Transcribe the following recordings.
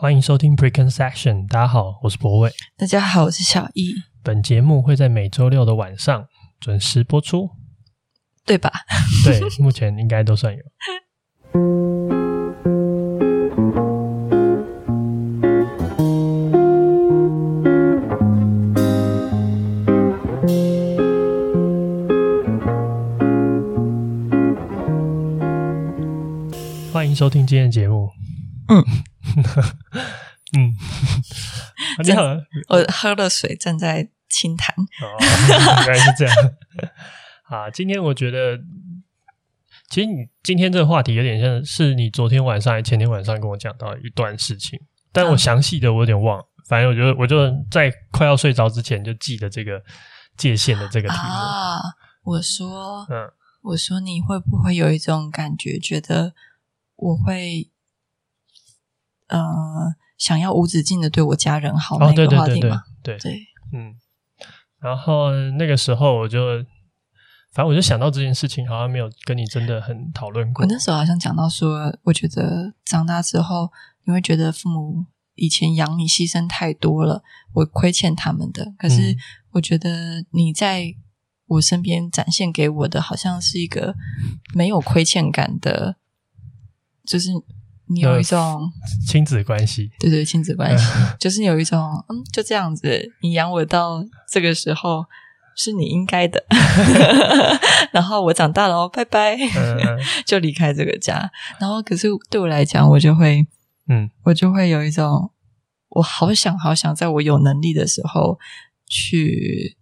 歡迎收聽 Preconception。大家好，我是博偉。大家好，我是小易。本節目會在每周六的晚上準時播出，對吧？對，目前應該都算有。 歡迎收聽今天的節目。嗯。 這樣，我喝了水正在清潭哦，原來是這樣。啊， 今天我覺得，其實你今天這個話題有點像是你昨天晚上還是前天晚上跟我講到一段事情，但我詳細的我有點忘。嗯、反正我就我就在快要睡着之前就記得這個界限的這個題目。啊，我說，嗯，我說你會不會有一種感覺，覺得我會，呃。想要無止境的對我家人好那個話題嘛、哦、對對，對，對，對，對，嗯，然後那個時候我就，反正我就想到這件事情，好像沒有跟你真的很討論過。我那時候好像講到說，我覺得長大之後你會覺得父母以前養你犧牲太多了，我虧欠他們的。可是我覺得你在我身邊展現給我的，好像是一個沒有虧欠感的，就是。你有一種親子關係，對對，親子關係、嗯、就是你有一種，嗯，就這樣子，你養我到這個時候是你應該的， 然後我長大了，哦，拜拜，嗯、 就離開這個家。然後，可是對我來講，我就會，嗯，我就會有一種，我好想好想，在我有能力的時候去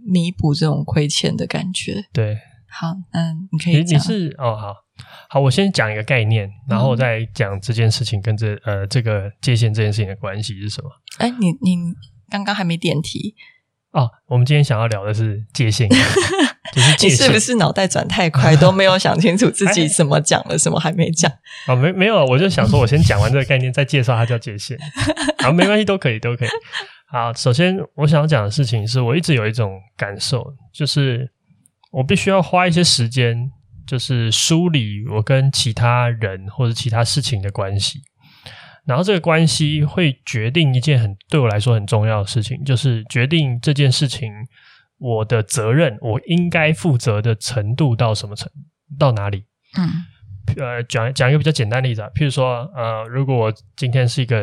彌補這種虧欠的感覺。對，好，嗯，你可以講你，你是哦，好。好，我先講一個概念，然後再講這件事情跟這呃這個界限這件事情的關係是什麼？哎，你你剛剛還沒點題哦，我們今天想要聊的是界限， 是界你是不是腦袋轉太快， 都沒有想清楚自己怎麼講了， 唉什麼還沒講啊、哦？沒沒有，我就想說，我先講完這個概念， 再介紹它叫界限啊，沒關係，都可以，都可以。好，首先我想要講的事情是，我一直有一種感受，就是我必須要花一些時間。就是梳理我跟其他人或者其他事情的關係，然後這個關係會決定一件很對我來說很重要的事情，就是決定這件事情我的責任，我應該負責的程度到什麼程度、到哪裡。嗯，呃，講講一個比較簡單的例子啊，譬如說，呃，如果我今天是一個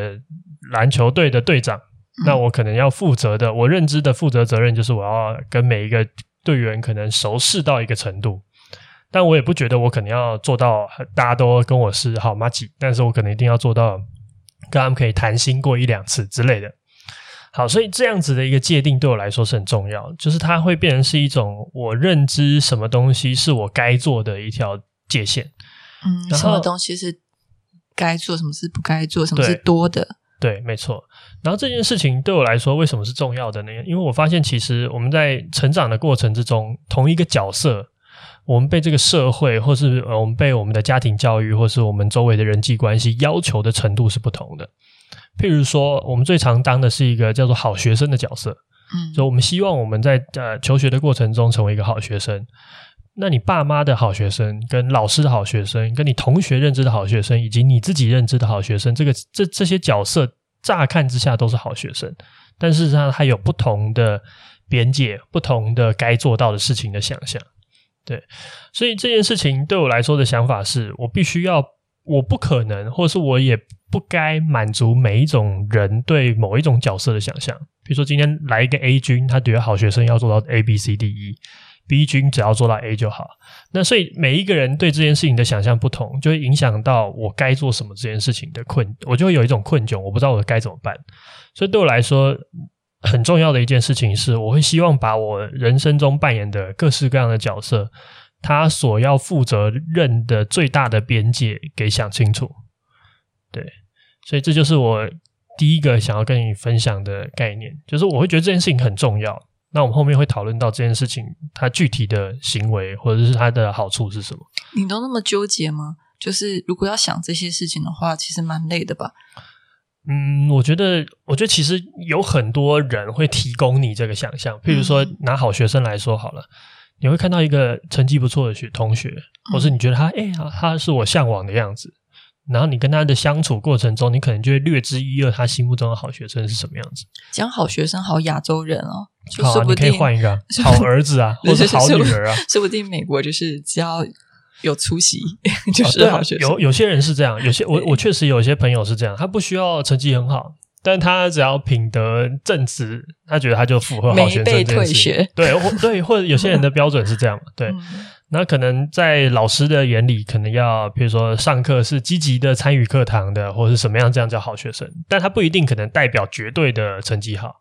籃球隊的隊長，那我可能要負責的，我認知的負責責任就是我要跟每一個隊員可能熟識到一個程度。但我也不覺得我可能要做到大家都跟我是好 match，但是我可能一定要做到跟他們可以談心過一兩次之類的。好，所以這樣子的一個界定對我來說是很重要，就是它會變成是一種我認知什麼東西是我該做的一條界限。嗯，後什麼東西是該做，什麼是不該做，什麼是多的對？對，沒錯。然後這件事情對我來說為什麼是重要的呢？因為我發現其實我們在成長的過程之中，同一個角色。我們被這個社會，或是我們被我們的家庭教育，或是我們周圍的人際關係要求的程度是不同的。譬如說，我們最常當的是一個叫做好學生的角色，嗯，就我們希望我們在呃求學的過程中成為一個好學生。那你爸媽的好學生，跟老師的好學生，跟你同學認知的好學生，以及你自己認知的好學生，這個這這些角色，乍看之下都是好學生，但事實上，它有不同的邊界，不同的該做到的事情的想象。對，所以這件事情對我來說的想法是，我必須要，我不可能，或者是我也不該滿足每一種人對某一種角色的想象。比如說，今天來一個 A 君，他覺得好學生要做到 A B C D E，B 君只要做到 A 就好。那所以每一個人對這件事情的想象不同，就會影響到我該做什麼這件事情的困，我就會有一種困窘，我不知道我該怎麼辦。所以對我來說，很重要的一件事情是，我會希望把我人生中扮演的各式各樣的角色，他所要負責任的最大的邊界給想清楚。對，所以這就是我第一個想要跟你分享的概念，就是我會覺得這件事情很重要。那我們後面會討論到這件事情，它具體的行為或者是它的好處是什麼？你都那麼糾結嗎？就是如果要想這些事情的話，其實蠻累的吧。嗯，我覺得，我覺得其實有很多人會提供你這個想象。譬如說，拿好學生來說好了，你會看到一個成績不錯的學同學，或是你覺得他，哎呀，他是我嚮往的樣子。然後你跟他的相處過程中，你可能就會略知一二，他心目中的好學生是什麼樣子。講好學生好亞洲人哦，就說好啊，你可以換一個、啊、好兒子啊， 或是好女兒啊，說不定美國就是教。有出席 就是好學生。啊啊、有有些人是這樣，有些我我確實有些朋友是這樣，他不需要成績很好，但他只要品德正直，他覺得他就符合好學生。沒被退學，對對，或者有些人的標準是這樣， 對。那可能在老師的眼裡，可能要比如說上課是積極的參與課堂的，或者是什麼樣，這樣叫好學生。但他不一定可能代表絕對的成績好。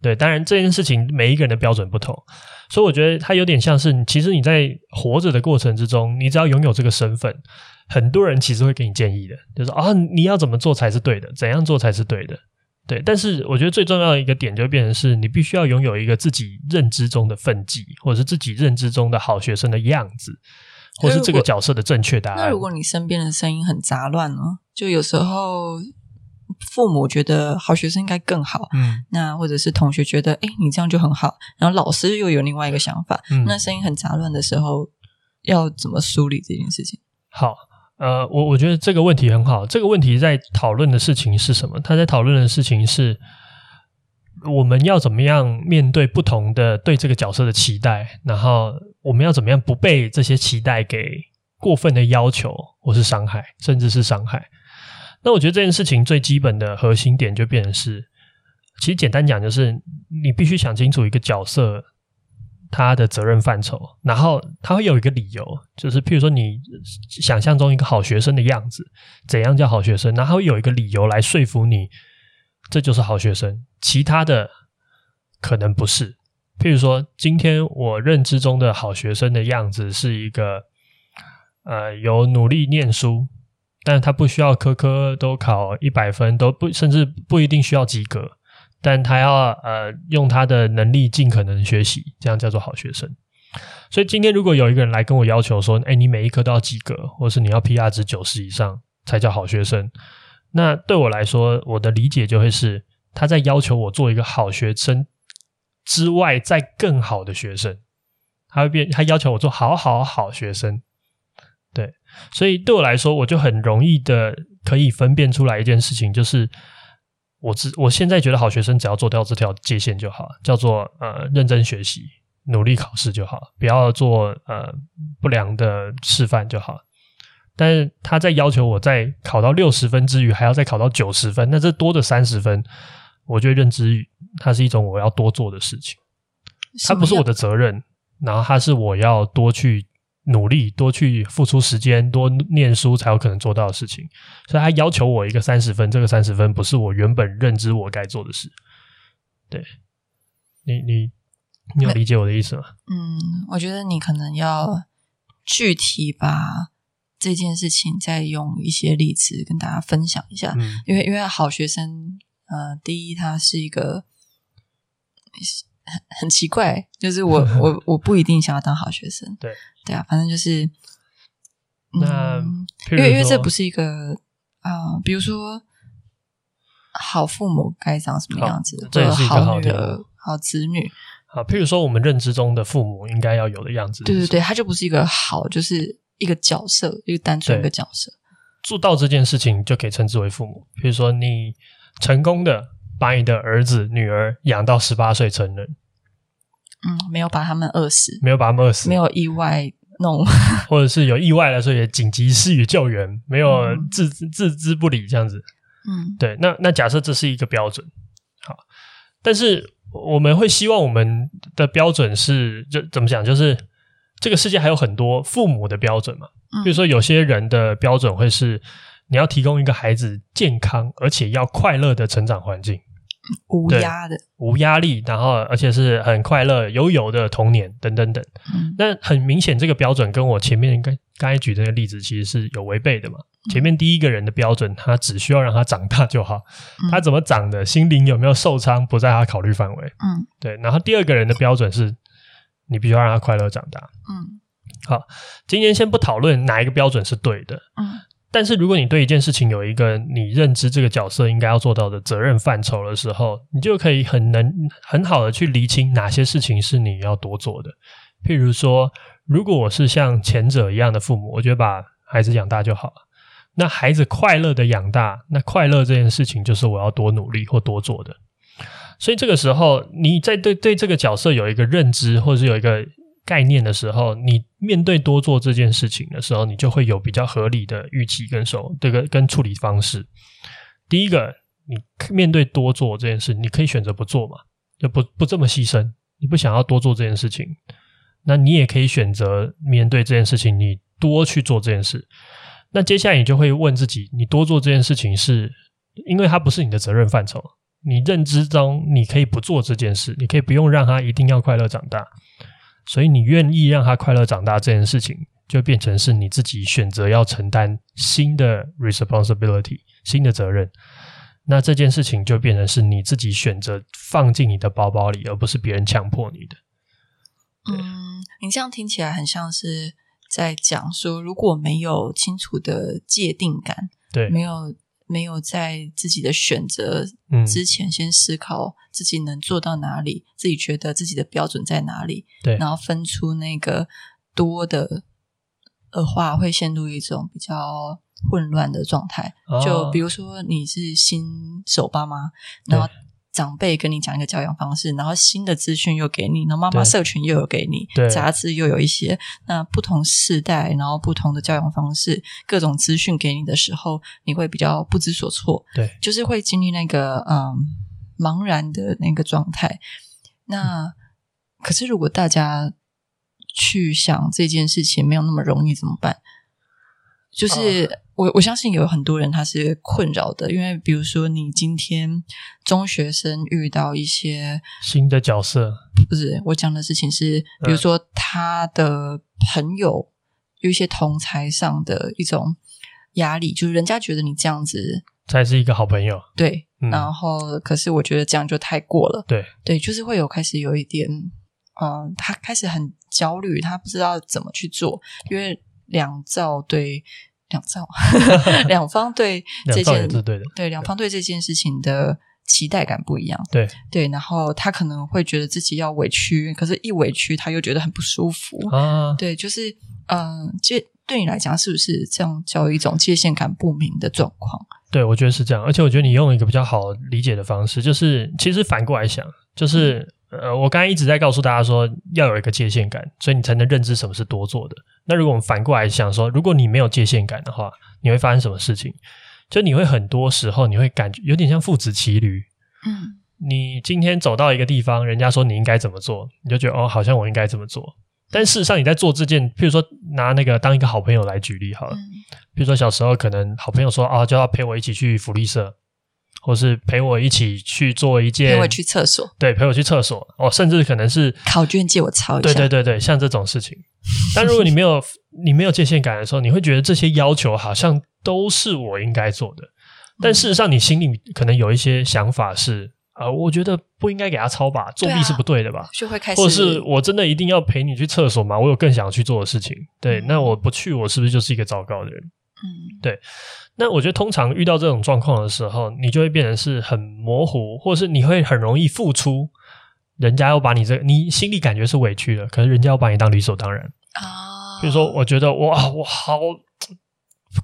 對，當然這件事情每一個人的標準不同。所以我覺得它有點像是，其實你在活着的過程之中，你只要擁有這個身份，很多人其實會給你建議的，就是啊、哦，你要怎麼做才是對的，怎樣做才是對的，對。但是我覺得最重要的一個點就變成是，你必須要擁有一個自己認知中的分際，或者是自己認知中的好學生的樣子，或者是這個角色的正確答案。那如果你身邊的聲音很雜亂呢、哦？就有時候。父母覺得好學生應該更好，嗯，那或者是同學覺得，誒，你這樣就很好，然後老師又有另外一個想法，嗯，那聲音很雜亂的時候，要怎麼梳理這件事情？好，呃，我我覺得這個問題很好，這個問題在討論的事情是什麼？他在討論的事情是，我們要怎麼樣面對不同的對這個角色的期待，然後我們要怎麼樣不被這些期待給過分的要求，或是傷害，甚至是傷害。那我覺得這件事情最基本的核心點就變成是，其實簡單講就是，你必須想清楚一個角色他的責任範疇，然後他會有一個理由，就是譬如說你想象中一個好學生的樣子，怎樣叫好學生，然後會有一個理由來說服你，這就是好學生，其他的可能不是。譬如說，今天我認知中的好學生的樣子是一個，呃，有努力念書。但他不需要科科都考一百分，都不甚至不一定需要及格，但他要呃用他的能力盡可能學習，這樣叫做好學生。所以今天如果有一個人來跟我要求說：“哎，你每一科都要及格，或是你要 PR 值九十以上才叫好學生。”那對我來說，我的理解就會是他在要求我做一個好學生之外，再更好的學生，他會變，他要求我做好好好學生。所以對我來說，我就很容易的可以分辨出來一件事情，就是我只我現在覺得好學生只要做到這條界限就好，叫做呃認真學習、努力考試就好，不要做呃不良的示範就好。但是他在要求我在考到六十分之餘，還要再考到九十分，那這多的三十分，我就認知它是一種我要多做的事情，它不是我的責任，然後它是我要多去。努力，多去付出時間，多唸書才有可能做到的事情。所以他要求我一個三十分，這個三十分不是我原本認知我該做的事。對，你你你有理解我的意思嗎？嗯，我覺得你可能要具體把這件事情再用一些例子跟大家分享一下。嗯。因為因為好學生，呃，第一他是一個。很很奇怪，就是我我我不一定想要當好學生。 對對啊，反正就是，嗯、那因為因為這不是一個啊、呃，比如說好父母該長什麼樣子好好這是一個好的好子女。啊，譬如說我們認知中的父母應該要有的樣子。對對對，他就不是一個好，就是一個角色，一個單純的角色。做到這件事情就可以稱之為父母。譬如說你成功的把你的兒子、女兒養到十八歲成人，嗯，沒有把他們餓死，沒有把他們餓死，沒有意外弄，或者是有意外的時候也緊急施予救援，嗯、沒有置置之不理這樣子。嗯，對。那那假設這是一個標準，好，但是我們會希望我們的標準是，就怎麼講，就是這個世界還有很多父母的標準嘛，嗯、比如說有些人的標準會是你要提供一個孩子健康而且要快樂的成長環境。無壓的，無壓力，然後而且是很快樂、悠悠的童年等等等。那、嗯、很明顯，這個標準跟我前面應該剛才舉的那個例子其實是有違背的嘛。嗯、前面第一個人的標準，他只需要讓他長大就好，嗯、他怎麼長的心靈有沒有受傷不在他考慮範圍。嗯，對。然後第二個人的標準是，你必須要讓他快樂長大。嗯，好，今天先不討論哪一個標準是對的。嗯。但是，如果你對一件事情有一個你認知這個角色應該要做到的責任範疇的時候，你就可以很能很好的去釐清哪些事情是你要多做的。譬如說，如果我是像前者一樣的父母，我覺得把孩子養大就好了。那孩子快樂的養大，那快樂這件事情就是我要多努力或多做的。所以，這個時候你在對對這個角色有一個認知，或者是有一個。概念的時候，你面對多做這件事情的時候，你就會有比較合理的預期跟手這個跟處理方式。第一個，你面對多做這件事，你可以選擇不做嘛，就不不這麼犧牲，你不想要多做這件事情。那你也可以選擇面對這件事情，你多去做這件事。那接下來你就會問自己，你多做這件事情是因為它不是你的責任範疇。你認知中你可以不做這件事，你可以不用讓它一定要快樂長大。所以你願意讓他快樂長大這件事情，就變成是你自己選擇要承擔新的 responsibility，新的責任。那這件事情就變成是你自己選擇放進你的包包裡，而不是別人強迫你的。嗯，你這樣聽起來很像是在講說，如果沒有清楚的界定感，對，沒有。沒有在自己的選擇之前，先思考自己能做到哪裡，嗯、自己覺得自己的標準在哪裡，對然後分出那個多的話會陷入一種比較混亂的狀態。哦、就比如說你是新手爸媽，對然後長輩跟你講一個教養方式，然後新的資訊又給你，然後媽媽社群又有給你，雜誌又有一些，那不同世代，然後不同的教養方式，各種資訊給你的時候，你會比較不知所措，對，就是會經歷那個嗯茫然的那個狀態。那可是如果大家去想這件事情沒有那麼容易怎麼辦？就是。啊我我相信有很多人他是困擾的，因為比如說你今天中學生遇到一些新的角色，不是我講的事情是，嗯、比如說他的朋友有一些同儕上的一種壓力，就是人家覺得你這樣子才是一個好朋友，對。嗯、然後可是我覺得這樣就太過了，對，對，就是會有開始有一點，嗯，他開始很焦慮，他不知道怎麼去做，因為兩造對。兩造， 兩方對這件對兩方對這件事情的期待感不一樣。對對，然後他可能會覺得自己要委屈，可是一委屈他又覺得很不舒服。啊，對，就是嗯，界、呃、對你來講是不是這樣叫一種界限感不明的狀況？對，我覺得是這樣。而且我覺得你用一個比較好理解的方式，就是其實反過來想，就是。嗯呃，我剛才一直在告訴大家說，要有一個界限感，所以你才能認知什麼是多做的。那如果我們反過來想說，如果你沒有界限感的話，你會發生什麼事情？就你會很多時候，你會感覺有點像父子騎驢。嗯，你今天走到一個地方，人家說你應該怎麼做，你就覺得哦，好像我應該這麼做。但事實上，你在做這件，譬如說拿那個當一個好朋友來舉例好了。嗯。比如說小時候，可能好朋友說啊、哦，就要陪我一起去福利社。或是陪我一起去做一件，陪我去廁所，對，陪我去廁所，哦，甚至可能是考卷借我抄一下，對對對對，像這種事情。是是是，但如果你沒有你沒有界限感的時候，你會覺得這些要求好像都是我應該做的。但事實上，你心裡可能有一些想法是啊，嗯，呃，我覺得不應該給他抄吧，作弊是不對的吧。啊，就會開始，或是我真的一定要陪你去廁所嗎？我有更想要去做的事情。對，嗯，那我不去，我是不是就是一個糟糕的人？嗯，對。那我覺得，通常遇到這種狀況的時候，你就會變成是很模糊，或者是你會很容易付出。人家要把你這，你心裡感覺是委屈的，可是人家要把你當理所當然。啊、哦，比如說，我覺得哇，我好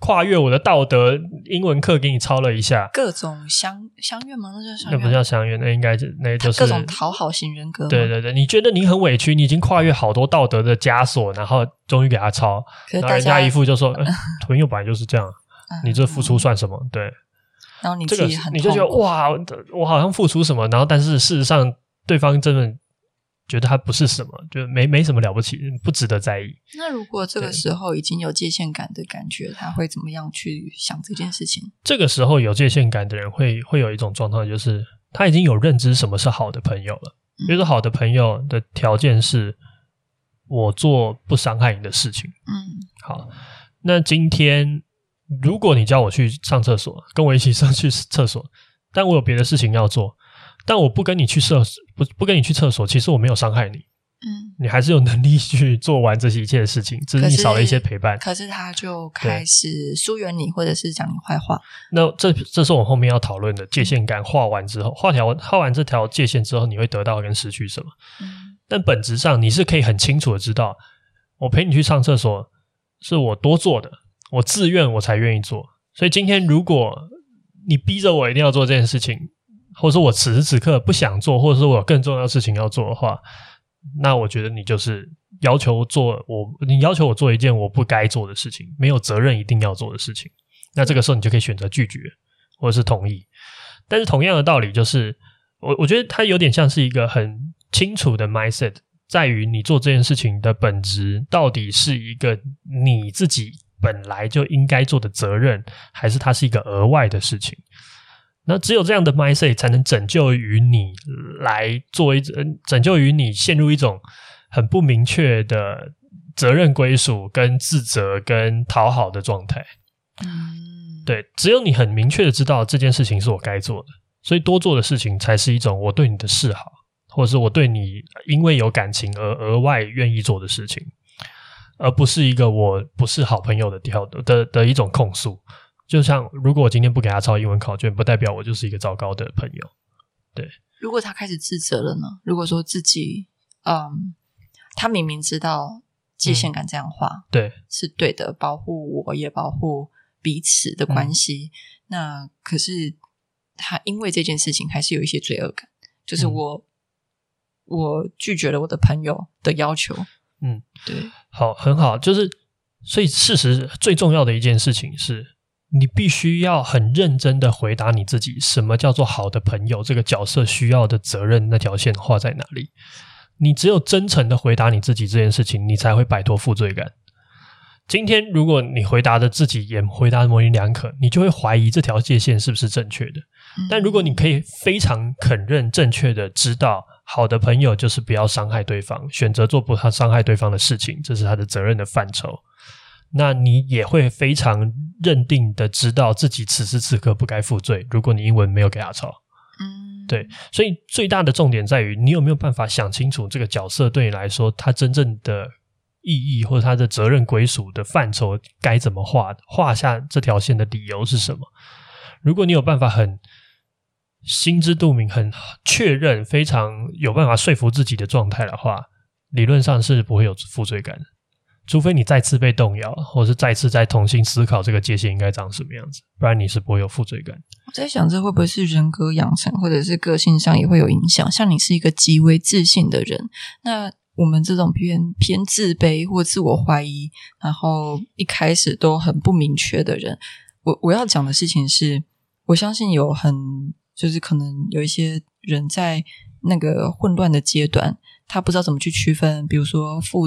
跨越我的道德，英文課給你抄了一下，各種相相約嗎？那叫什麼？那不叫相約，那應該是那，就是各種討好型人格。對對對，你覺得你很委屈，你已經跨越好多道德的枷鎖，然後終於給他抄，可是然後人家一副就說，朋友本來就是這樣。你這付出算什麼？嗯、對，然後你自己很這個你就覺得哇，我好像付出什麼，然後但是事實上，對方真的覺得他不是什麼，就沒沒什麼了不起，不值得在意。那如果這個時候已經有界限感的感覺，對他會怎麼樣去想這件事情？這個時候有界限感的人會會有一種狀況，就是他已經有認知什麼是好的朋友了，嗯、比如說好的朋友的條件是，我做不傷害你的事情。嗯，好，那今天。如果你叫我去上廁所，跟我一起上去廁所，但我有別的事情要做，但我不跟你去廁所，不，不跟你去廁所，其實我沒有傷害你，嗯，你還是有能力去做完這些一切的事情，只是，是你少了一些陪伴。可是他就開始疏遠你，或者是講你壞話。對壞話。那這這是我後面要討論的界限感、嗯、畫完之後，畫條畫完這條界限之後，你會得到跟失去什麼？嗯，但本質上你是可以很清楚的知道，我陪你去上廁所是我多做的。我自願，我才願意做。所以今天，如果你逼着我一定要做這件事情，或者說我此時此刻不想做，或者說我有更重要的事情要做的話，那我覺得你就是要求做我，你要求我做一件我不該做的事情，沒有責任一定要做的事情。那這個時候，你就可以選擇拒絕，或者是同意。但是同樣的道理，就是我我覺得它有點像是一個很清楚的 mindset，在於你做這件事情的本質到底是一個你自己。本來就應該做的責任，還是它是一個額外的事情？那只有這樣的 mindset 才能拯救於你來作為、嗯、拯救於你陷入一種很不明確的責任歸屬、跟自責、跟討好的狀態。嗯，對，只有你很明確的知道這件事情是我該做的，所以多做的事情才是一種我對你的示好，或者是我對你因為有感情而額外願意做的事情，而不是一個我不是好朋友的調的的的一種控訴。就像如果我今天不給他抄英文考卷，不代表我就是一個糟糕的朋友。對，如果他開始自責了呢？如果說自己，嗯，他明明知道界限感這樣畫、嗯，對，是對的，保護我也保護彼此的關係。嗯、那可是他因為這件事情還是有一些罪惡感，就是我、嗯、我拒絕了我的朋友的要求。嗯，對，好，很好，就是，所以事實最重要的一件事情是，你必須要很認真的回答你自己，什麼叫做好的朋友這個角色需要的責任那條線畫在哪裡？你只有真誠的回答你自己這件事情，你才會擺脫負罪感。今天如果你回答的自己也回答模棱兩可，你就會懷疑這條界限是不是正確的。但如果你可以非常肯認正確的知道，好的朋友就是不要傷害對方，選擇做不傷害對方的事情，這是他的責任的範疇。那你也會非常認定的知道自己此時此刻不該負罪。如果你英文沒有給他抄，嗯，對，所以最大的重點在於你有沒有辦法想清楚這個角色對你來說他真正的意義，或者他的責任歸屬的範疇該怎麼畫，畫下這條線的理由是什麼？如果你有辦法很。心知肚明，很確認，非常有辦法說服自己的狀態的話，理論上是不會有負罪感的。除非你再次被動搖，或是再次在重新思考這個界限應該長什麼樣子，不然你是不會有負罪感。我在想，這會不會是人格養成，或者是個性上也會有影響？像你是一個極為自信的人，那我們這種偏偏自卑或自我懷疑，嗯、然後一開始都很不明確的人，我我要講的事情是，我相信有很。就是可能有一些人在那個混亂的階段，他不知道怎麼去區分，比如說父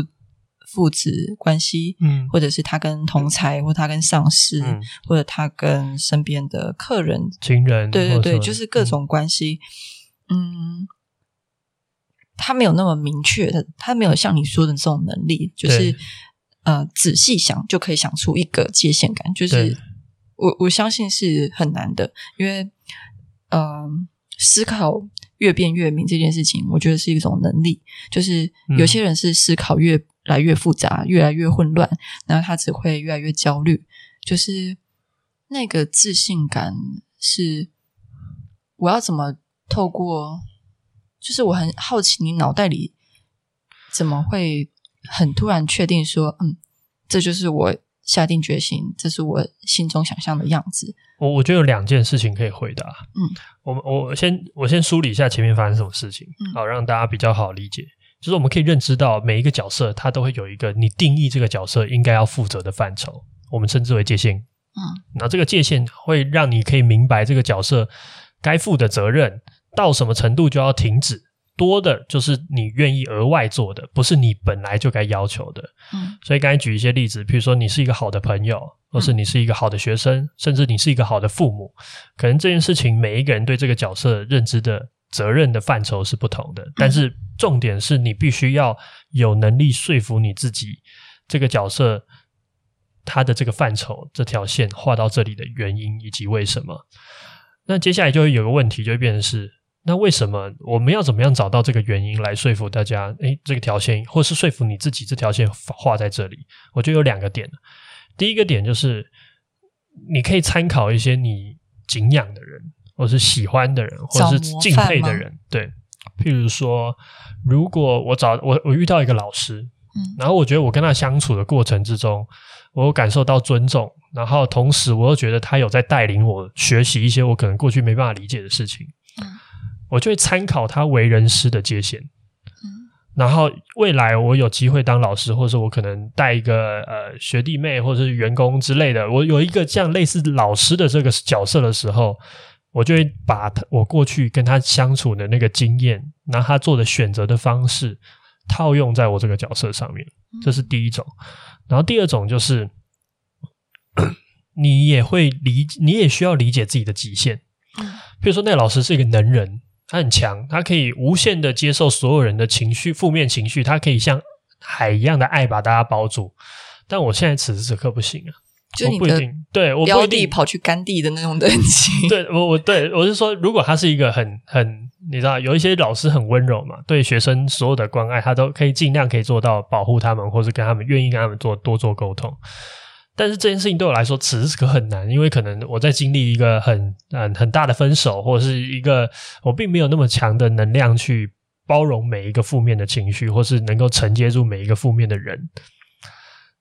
父子關係，嗯，或者是他跟同才、嗯、或他跟上司，嗯、或者他跟身邊的客人、情人，對對對，就是各種關係，嗯,嗯，他沒有那麼明確的，他沒有像你說的這種能力，就是對呃，仔細想就可以想出一個界限感，就是對我我相信是很難的，因為。嗯，思考越辯越明這件事情，我覺得是一種能力。就是有些人是思考越來越複雜、越來越混亂，然後他只會越來越焦慮。就是那個自信感是我要怎麼透過？就是我很好奇，你腦袋裡怎麼會很突然確定說，嗯，這就是我。下定決心，這是我心中想象的樣子。我我覺得有兩件事情可以回答。嗯，我們我先我先梳理一下前面發生什麼事情，好，讓大家比較好理解。嗯，就是我們可以認知到每一個角色，它都會有一個你定義這個角色應該要負責的範疇，我們稱之為界限。嗯，那這個界限會讓你可以明白這個角色該負的責任到什麼程度就要停止。多的就是你願意額外做的，不是你本來就該要求的。嗯，所以剛才舉一些例子，比如說你是一個好的朋友，或是你是一個好的學生，嗯、甚至你是一個好的父母，可能這件事情每一個人對這個角色認知的責任的範疇是不同的。嗯、但是重點是你必須要有能力說服你自己，這個角色他的這個範疇這條線畫到這裡的原因以及為什麼。那接下來就會有個問題，就會變成是。那為什麼我們要怎麼樣找到這個原因來說服大家？誒，這個條線，或是說服你自己，這條線畫在這裡，我覺得有兩個點。第一個點就是，你可以參考一些你敬仰的人，或是喜歡的人，或是敬佩的人。對，譬如說，如果我找我我遇到一個老師，嗯，然後我覺得我跟他相處的過程之中，我感受到尊重，然後同時我又覺得他有在帶領我學習一些我可能過去沒辦法理解的事情，嗯。我就會參考他為人師的界限，嗯，然後未來我有機會當老師，或者是我可能帶一個呃學弟妹，或者是員工之類的，我有一個這樣類似老師的這個角色的時候，我就會把我過去跟他相處的那個經驗，拿他做的選擇的方式套用在我這個角色上面，嗯，這是第一種。然後第二種就是， 你也會理，你也需要理解自己的極限。嗯，比如說那老師是一個能人。他很強，他可以無限的接受所有人的情緒，負面情緒，他可以像海一樣的愛把大家包住。但我現在此時此刻不行啊，就你不一定。對我不一定跑去甘地的那種等級。對我，我對，我是說，如果他是一個很很，你知道，有一些老師很溫柔嘛，對學生所有的關愛，他都可以盡量可以做到保護他們，或是跟他們願意跟他們做多做溝通。但是這件事情對我來說，此時此刻很難，因為可能我在經歷一個很嗯，很大的分手，或者是一個我並沒有那麼強的能量去包容每一個負面的情緒，或是能夠承接住每一個負面的人。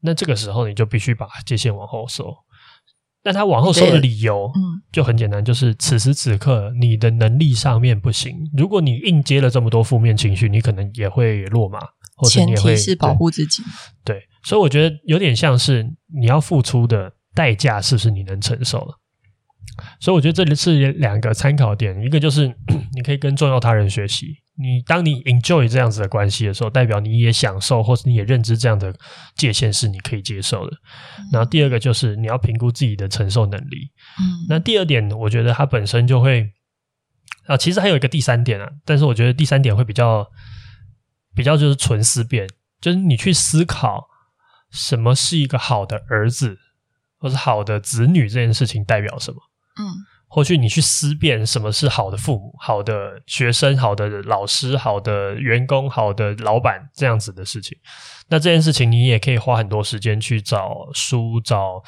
那這個時候，你就必須把界限往後收。那他往後收的理由，嗯，就很簡單，嗯、就是此時此刻你的能力上面不行。如果你硬接了這麼多負面情緒，你可能也會落馬。或你會，前提是保護自己，對。對所以我覺得有點像是你要付出的代價，是不是你能承受的，所以我覺得這裡是兩個參考點，一個就是你可以跟重要他人學習，你當你 enjoy 這樣子的關係的時候，代表你也享受，或是你也認知這樣的界限是你可以接受的。然後第二個就是你要評估自己的承受能力。嗯，那第二點，我覺得它本身就會啊，其實還有一個第三點啊，但是我覺得第三點會比較比較就是純思辨，就是你去思考。什麼是一個好的兒子，或是好的子女？這件事情代表什麼？嗯，或許你去思辨什麼是好的父母、好的學生、好的老師、好的員工、好的老闆這樣子的事情。那這件事情，你也可以花很多時間去找書，找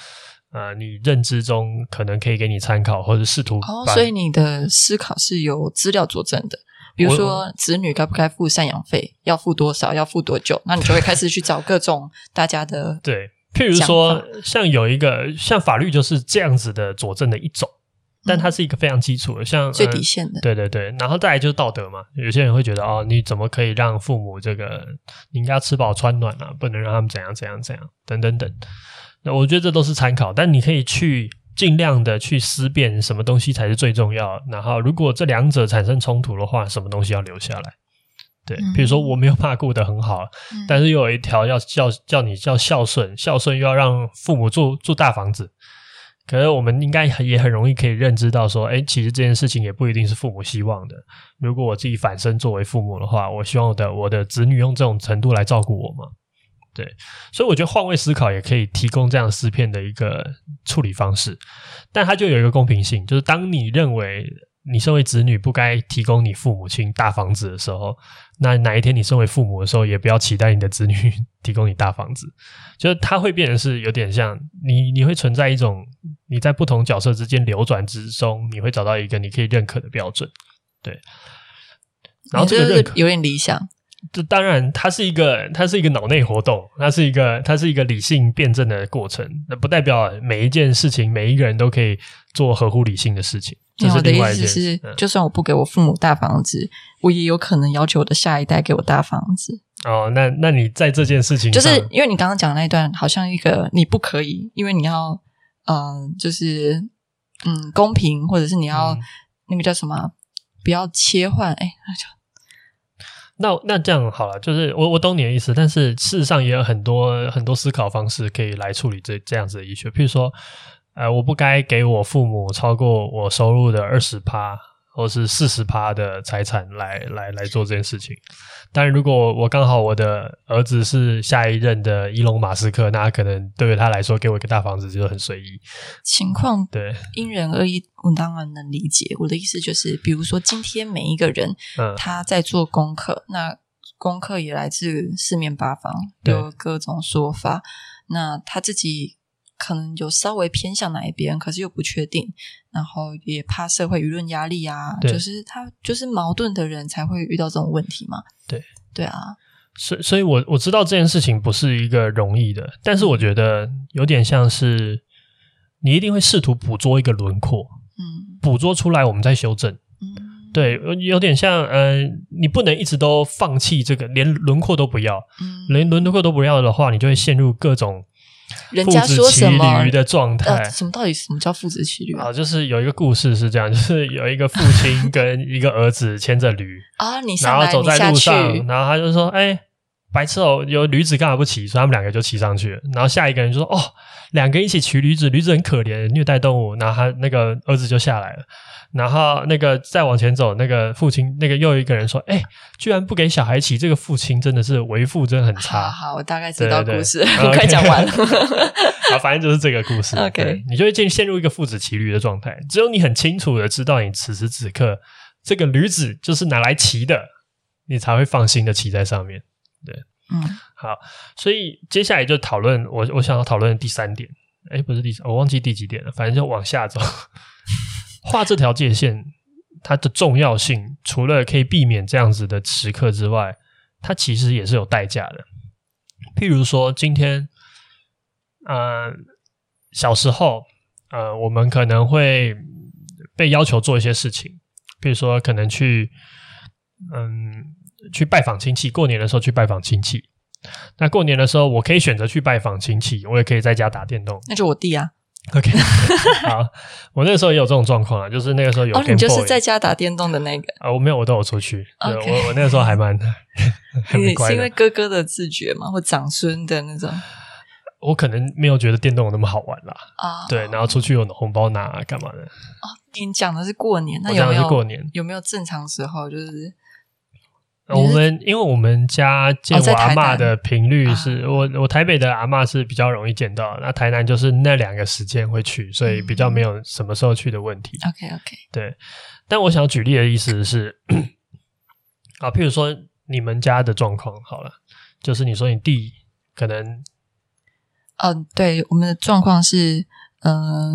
呃，你認知中可能可以給你參考，或者試圖。哦，所以你的思考是由資料佐證的。比如說，子女該不該付贍養費？要付多少？要付多久？那你就會開始去找各種大家的 對，譬如說，法像有一個像法律就是這樣子的佐證的一種，但它是一個非常基礎的，嗯、像、呃、最底線的。對對對，然後再來就是道德嘛。有些人會覺得，哦，你怎麼可以讓父母這個你應該吃飽穿暖啊？不能讓他們怎樣怎樣怎樣，怎樣等等等。那我覺得這都是參考，但你可以去。盡量的去思辨，什麼東西才是最重要，然後如果這兩者產生衝突的話，什麼東西要留下來？對，譬如說我沒有怕顧得很好，但是又有一條要叫，叫你叫孝順，孝順又要讓父母住，住大房子。可是我們應該也很容易可以認知到說，哎、欸，其實這件事情也不一定是父母希望的。如果我自己反身作為父母的話，我希望我的我的子女用這種程度來照顧我嗎？對，所以我覺得換位思考也可以提供這樣思片的一個處理方式，但它就有一個公平性，就是當你認為你身為子女不該提供你父母親大房子的時候，那哪一天你身為父母的時候，也不要期待你的子女 提供你大房子，就是它會變成是有點像你，你會存在一種你在不同角色之間流轉之中，你會找到一個你可以認可的標準，對，然後我覺得有點理想。這當然，它是一個，它是一個腦內活動，它是一個，它是一個理性辯證的過程。那不代表每一件事情，每一個人都可以做合乎理性的事情。就是另外一的意思是，嗯、就算我不給我父母大房子，我也有可能要求我的下一代給我大房子。哦，那那你在這件事情，就是因為你剛剛講的那一段，好像一個你不可以，因為你要，嗯，就是，嗯，公平，或者是你要、嗯、那個叫什麼，不要切換，哎，那就、個。那那這樣好了，就是我我懂你的意思，但是事實上也有很多很多思考方式可以來處理這這樣子的議題，譬如說，呃，我不該給我父母超過我收入的二十趴。或是四十趴的財產來來來做這件事情，但如果我剛好我的兒子是下一任的伊隆馬斯克，那他可能對於他來說，給我一個大房子就很隨意。情況對，因人而異，我當然能理解。我的意思就是，比如說今天每一個人，他在做功課，嗯、那功課也來自於四面八方，有各種說法，對那他自己。可能有稍微偏向哪一邊，可是又不確定，然後也怕社會輿論壓力啊。對就是他，就是矛盾的人才會遇到這種問題嘛。對，對啊。所所以，所以我我知道這件事情不是一個容易的，但是我覺得有點像是你一定會試圖捕捉一個輪廓，嗯，捕捉出來，我們再修正。嗯，對，有點像，呃、嗯，你不能一直都放棄這個，連輪廓都不要，嗯，連輪廓都不要的話，你就會陷入各種。父子騎驢的狀態。人家說什麼？呃，什麼到底什麼叫父子騎驢啊？就是有一個故事是這樣，就是有一個父親跟一個兒子牽着驢啊， 然後走在路上， 啊、上然後他就說：“哎、欸。”白痴哦，有驢子幹嘛不騎？所以他們兩個就騎上去了。然後下一個人就說：“哦，兩個人一起騎驢子，驢子很可憐，虐待動物。”然後他那個兒子就下來了。然後那個再往前走，那個父親，那個又一個人說：“哎、欸，居然不給小孩騎，這個父親真的是為父真的很差。”好，好，我大概知道故事，快講 Okay, 完了。 好，反正就是這個故事。OK，你就會進陷入一個父子騎驢的狀態。只有你很清楚的知道，你此時此刻這個驢子就是拿來騎的，你才會放心的騎在上面。對，嗯，好，所以接下來就討論我我想要討論第三點，誒，不是第三，我忘記第幾點了，反正就往下走。 畫這條界線，它的重要性除了可以避免這樣子的時刻之外，它其實也是有代價的。譬如說，今天，嗯、呃，小時候，呃，我們可能會被要求做一些事情，譬如說，可能去，嗯、呃。去拜訪親戚，過年的時候去拜訪親戚。那過年的時候，我可以選擇去拜訪親戚，我也可以在家打電動。那就我弟啊。OK， 好，我那個時候也有這種狀況啊，就是那個時候有 Game Boy。哦，你就是在家打電動的那個啊、哦？我沒有，我都有出去。Okay 對我我那個時候還蠻。呵呵還蠻乖。你是因為哥哥的自覺嗎？，或長孫的那種？我可能沒有覺得電動有那麼好玩啦。啊。Uh, 對，然後出去有紅包拿、啊，幹嘛的？哦，你講的是過年？那講的是過年？有沒有正常時候？就是。我們、呃、是因為我們家見我阿嬤的頻率是、哦啊、我我台北的阿嬤是比較容易見到，那台南就是那兩個時間會去，嗯、哼所以比較沒有什麼時候去的問題。OK OK，對。但我想舉例的意思是，啊， 譬如說你們家的狀況好了，就是你說你弟可能，嗯、啊，對，我們的狀況是嗯、呃、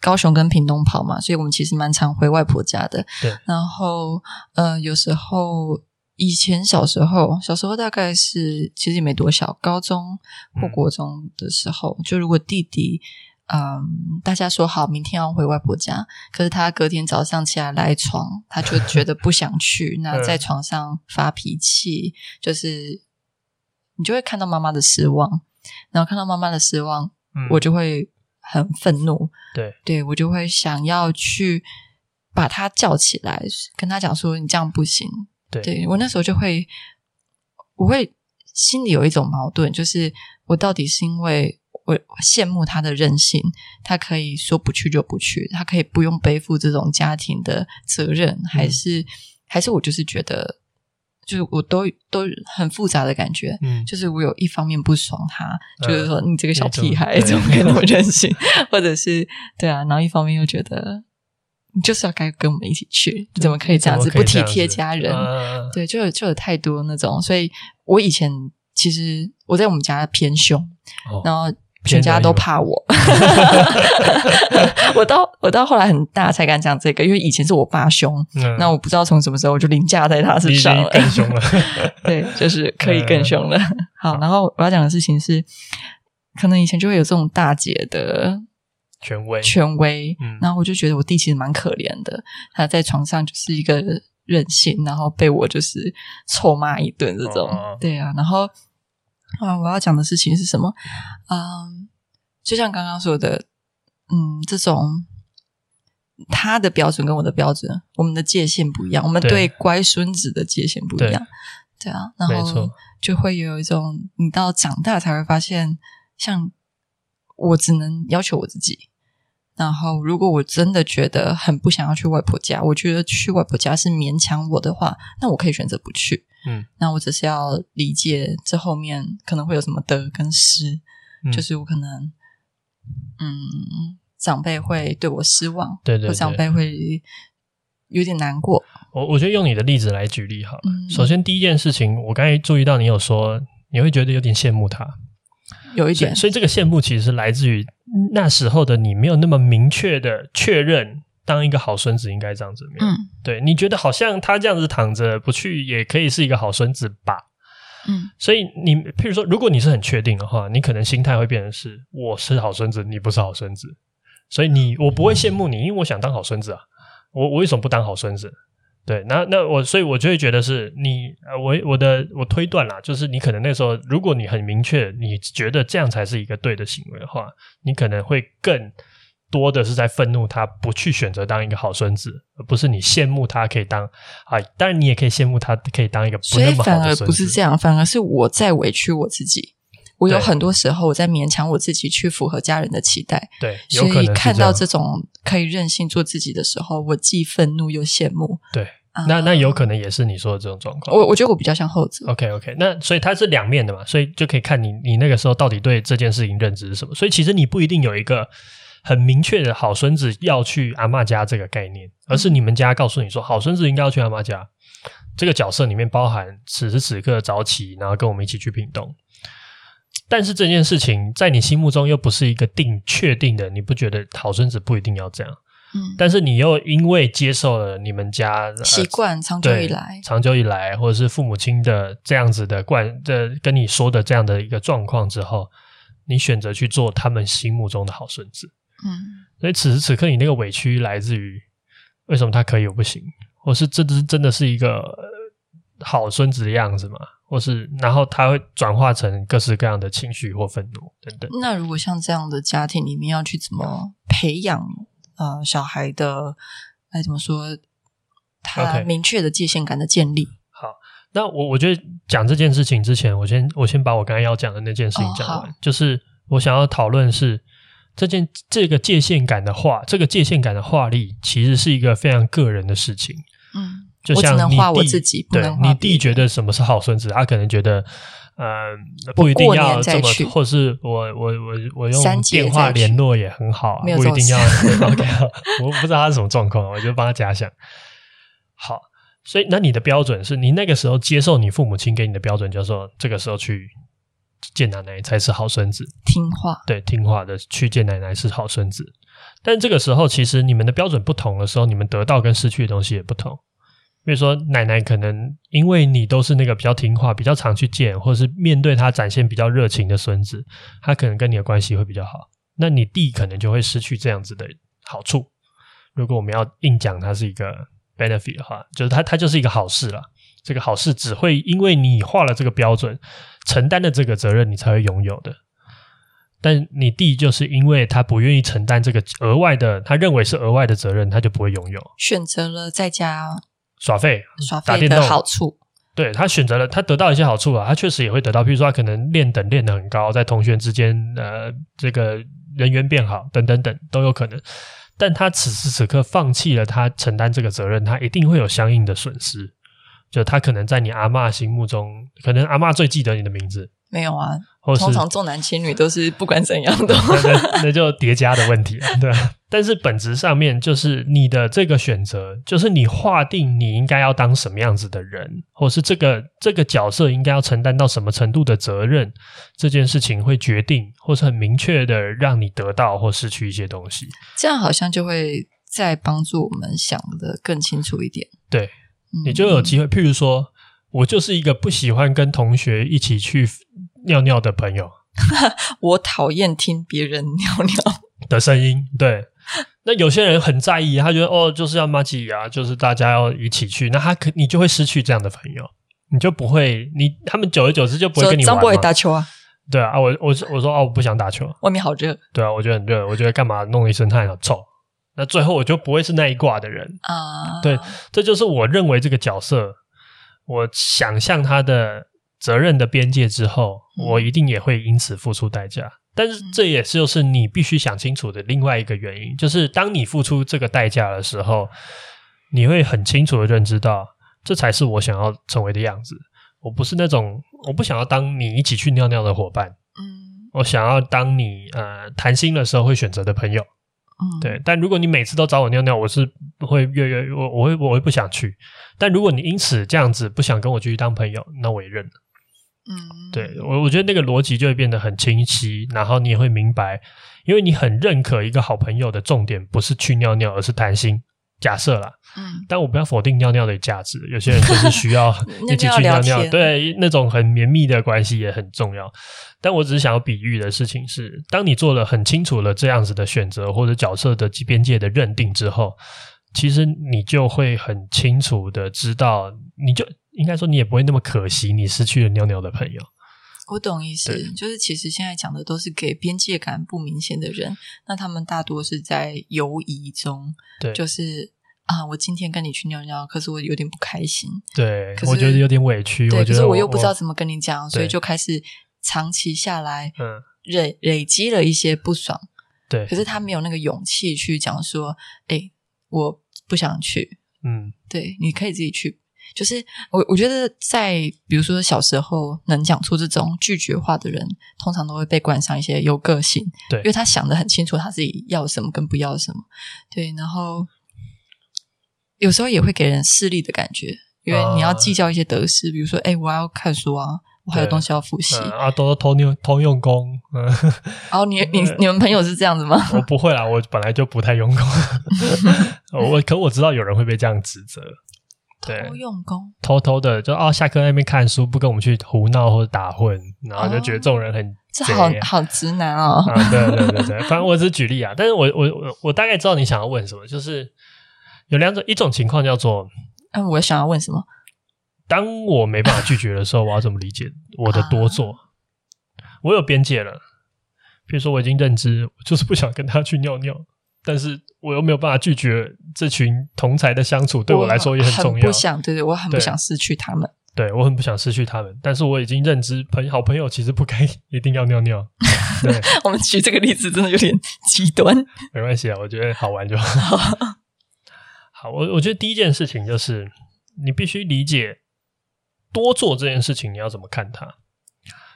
高雄跟屏東跑嘛，所以我們其實蠻常回外婆家的。對，然後呃有時候。以前小時候，小時候大概是其實也沒多小，高中或國中的時候，嗯、就如果弟弟，嗯，大家說好明天要回外婆家，可是他隔天早上起來賴床，他就覺得不想去， 那在床上發脾氣，嗯、就是你就會看到媽媽的失望，然後看到媽媽的失望，嗯、我就會很憤怒，對，對我就會想要去把他叫起來，跟他講說你這樣不行。對，對，我那時候就會，我會心裡有一種矛盾，就是我到底是因為我羨慕他的任性，他可以說不去就不去，他可以不用背負這種家庭的責任，嗯、還是還是我就是覺得，就是我都都很複雜的感覺，嗯、就是我有一方面不爽他，呃、就是說你這個小屁孩怎麼可以那麼任性，對 或者是對啊，然後一方面又覺得。就是要該跟我們一起去，怎麼可以這樣子，這樣子不體貼家人？啊啊啊對，就有就有太多那種，所以我以前其實我在我們家偏凶，哦、然後全家都怕我。 我到我到後來很大才敢講這個，因為以前是我爸凶，那、嗯、我不知道從什麼時候我就凌駕在他身上了。了 對，就是可以更凶了。嗯、好，然後我要講的事情是，可能以前就會有這種大姐的。權威，權威。嗯，然後我就覺得我弟其實蠻可憐的，他在床上就是一個任性，然後被我就是臭罵一頓這種。哦哦哦。對啊，然後啊，我要講的事情是什麼？嗯，就像剛剛說的，嗯，這種他的標準跟我的標準，我們的界限不一樣，我們對乖孫子的界限不一樣。對。對啊，然後就會有一種，沒錯。你到長大才會發現，像我只能要求我自己。然後，如果我真的覺得很不想要去外婆家，我覺得去外婆家是勉強我的話，那我可以選擇不去。嗯，那我只是要理解這後面可能會有什麼得跟失，嗯、就是我可能，嗯，長輩會對我失望，對，對對，長輩會有點難過。我我覺得用你的例子來舉例好了。嗯、首先，第一件事情，我剛才注意到你有說你會覺得有點羨慕他。有一點所以，所以這個羨慕其實是來自於那時候的你沒有那麼明確的確認，當一個好孫子應該這樣子。嗯，對，你覺得好像他這樣子躺着不去也可以是一個好孫子吧？嗯，所以你，譬如說，如果你是很確定的話，你可能心態會變成是我是好孫子，你不是好孫子。所以你，我不會羨慕你，因為我想當好孫子啊。我我為什麼不當好孫子？對，那那我，所以我就會覺得是你，我我的我推斷啦，就是你可能那時候，如果你很明確，你覺得這樣才是一個對的行為的話，你可能會更多的是在憤怒他不去選擇當一個好孫子，而不是你羨慕他可以當啊，當然你也可以羨慕他可以當一個不那麼好的孫子，所以反而不是這樣，反而是我在委屈我自己，我有很多時候我在勉強我自己去符合家人的期待，對，可所以看到這種，可以任性做自己的時候，我既憤怒又羨慕。對，呃、那那有可能也是你說的這種狀況。我我覺得我比較像後者。OK OK，那所以它是兩面的嘛，所以就可以看你你那個時候到底對這件事情認知是什麼？所以其實你不一定有一個很明確的好孫子要去阿嬤家這個概念，而是你們家告訴你說、嗯、好孫子應該要去阿嬤家這個角色裡面包含此時此刻早起，然後跟我們一起去屏東。但是這件事情在你心目中又不是一個定確定的，你不覺得好孫子不一定要這樣？嗯，但是你又因為接受了你們家習慣、呃、習慣長久以來，長久以來，或者是父母親的這樣子的慣，這跟你說的這樣的一個狀況之後，你選擇去做他們心目中的好孫子，嗯，所以此時此刻你那個委屈來自於為什麼他可以我不行，或是這真真的是一個。好孫子的樣子嘛，或是然後他會轉化成各式各樣的情緒或憤怒等等。那如果像這樣的家庭裡面，要去怎麼培養、嗯、呃小孩的，該怎麼說？他明確的界限感的建立。Okay、好，那我我覺得講這件事情之前，我先我先把我剛才要講的那件事情講完，哦、就是我想要討論是這件這個界限感的話這個界限感的話力其實是一個非常個人的事情。就像你弟我只能畫我自己，對不能畫。對你弟覺得什麼是好孫子？他、啊、可能覺得，呃，不一定要這麼，或是我我我我用電話聯絡也很好、啊，不一定要。沒 我不知道他是什麼狀況，我就幫他假想。好，所以那你的標準是你那個時候接受你父母親給你的標準，就是說這個時候去見奶奶才是好孫子，聽話。對，聽話的去見奶奶是好孫子，但這個時候其實你們的標準不同的時候，你們得到跟失去的東西也不同。比如說，奶奶可能因為你都是那個比較聽話、比較常去見，或者是面對他展現比較熱情的孫子，他可能跟你的關係會比較好。那你弟可能就會失去這樣子的好處。如果我們要硬講，他是一個 benefit 的話，就是他他就是一個好事啦。這個好事只會因為你畫了這個標準，承擔了這個責任，你才會擁有的。但你弟就是因為他不願意承擔這個額外的，他認為是額外的責任，他就不會擁有。選擇了在家。耍廢，耍廢的好處，對，他選擇了，他得到一些好處啊，他確實也會得到，譬如說他可能練等練得很高，在同學之間呃這個人緣變好等等等都有可能，但他此時此刻放棄了，他承擔這個責任，他一定會有相應的損失，就他可能在你阿嬤心目中，可能阿嬤最記得你的名字，沒有啊。或是通常重男輕女都是不管怎樣的， 那那，那就疊加的問題。對， 但是本質上面就是你的這個選擇，就是你劃定你應該要當什麼樣子的人，或是這個這個角色應該要承擔到什麼程度的責任，這件事情會決定，或是很明確的讓你得到或失去一些東西。這樣好像就會再幫助我們想得更清楚一點。對，你就有機會。嗯、譬如說，我就是一個不喜歡跟同學一起去。尿尿的朋友， 我討厭聽別人尿尿的聲音。對，那有些人很在意，他覺得哦，就是要麻吉啊，就是大家要一起去。那他可你就會失去這樣的朋友，你就不會，你他們久而久之就不會跟你玩。張博會打球啊？對啊，我我我說哦，我不想打球，外面好熱。對啊，我覺得很熱，我覺得幹嘛弄一身汗很臭。那最後我就不會是那一掛的人啊。Uh、對，這就是我認為這個角色，我想象他的責任的邊界之後。我一定也會因此付出代價，但是這也是就是你必須想清楚的另外一個原因，就是當你付出這個代價的時候，你會很清楚的認知到，這才是我想要成為的樣子。我不是那種我不想要當你一起去尿尿的夥伴，嗯，我想要當你呃談心的時候會選擇的朋友，嗯，對。但如果你每次都找我尿尿，我是會越越我我會我會不想去。但如果你因此這樣子不想跟我繼續當朋友，那我也認了。嗯，對，我我覺得那個邏輯就會變得很清晰，然後你也會明白，因為你很認可一個好朋友的重點不是去尿尿，而是談心。假設啦，嗯，但我不要否定尿尿的價值，有些人就是需要一起去尿尿，對，那種很綿密的關係也很重要。但我只是想要比喻的事情是，當你做了很清楚了這樣子的選擇或者角色的邊界的認定之後，其實你就會很清楚的知道，你就。應該說你也不會那麼可惜，你失去了尿尿的朋友。我懂意思，就是其實現在講的都是給邊界感不明顯的人，那他們大多是在猶疑中，對，就是啊，我今天跟你去尿尿，可是我有點不開心，對，我覺得有點委屈，對，可是我又不知道怎麼跟你講，所以就開始長期下來，嗯，累累積了一些不爽，對，可是他沒有那個勇氣去講說，哎，我不想去，嗯，對，你可以自己去。就是我，我覺得在比如說小時候能講出這種拒絕話的人，通常都會被冠上一些有個性，對，因為他想的很清楚，他自己要什麼跟不要什麼，對，然後有時候也會給人勢利的感覺，因為你要計較一些得失，呃、比如說，哎，我要看書啊，我還有東西要複習、呃、啊，多多通用用功，然、嗯、後、哦、你你、呃、你們朋友是這樣子嗎？我不會啊，我本來就不太用功， 我可我知道有人會被這樣指責。多用功對，偷偷的就，哦，下課在那邊看書，不跟我們去胡鬧或者打混，然後就覺得這種人很、哦，這好好直男哦。啊、對對對對，反正我只是舉例啊， 但是我我我我大概知道你想要問什麼，就是有兩種，一種情況叫做……嗯，我想要問什麼？當我沒辦法拒絕的時候，我要怎麼理解我的多做？啊、我有邊界了，比如說我已經認知，就是不想跟他去尿尿。但是我又沒有辦法拒絕這群同才的相處，對我來說也很重要。我很不想，對，對，對我很不想失去他們，對，對我很不想失去他們。但是我已經認知，朋好朋友其實不該一定要尿尿。對 我們舉這個例子真的有點極端，沒關係啊，我覺得好玩就好。 好，我我覺得第一件事情就是你必須理解多做這件事情，你要怎麼看它？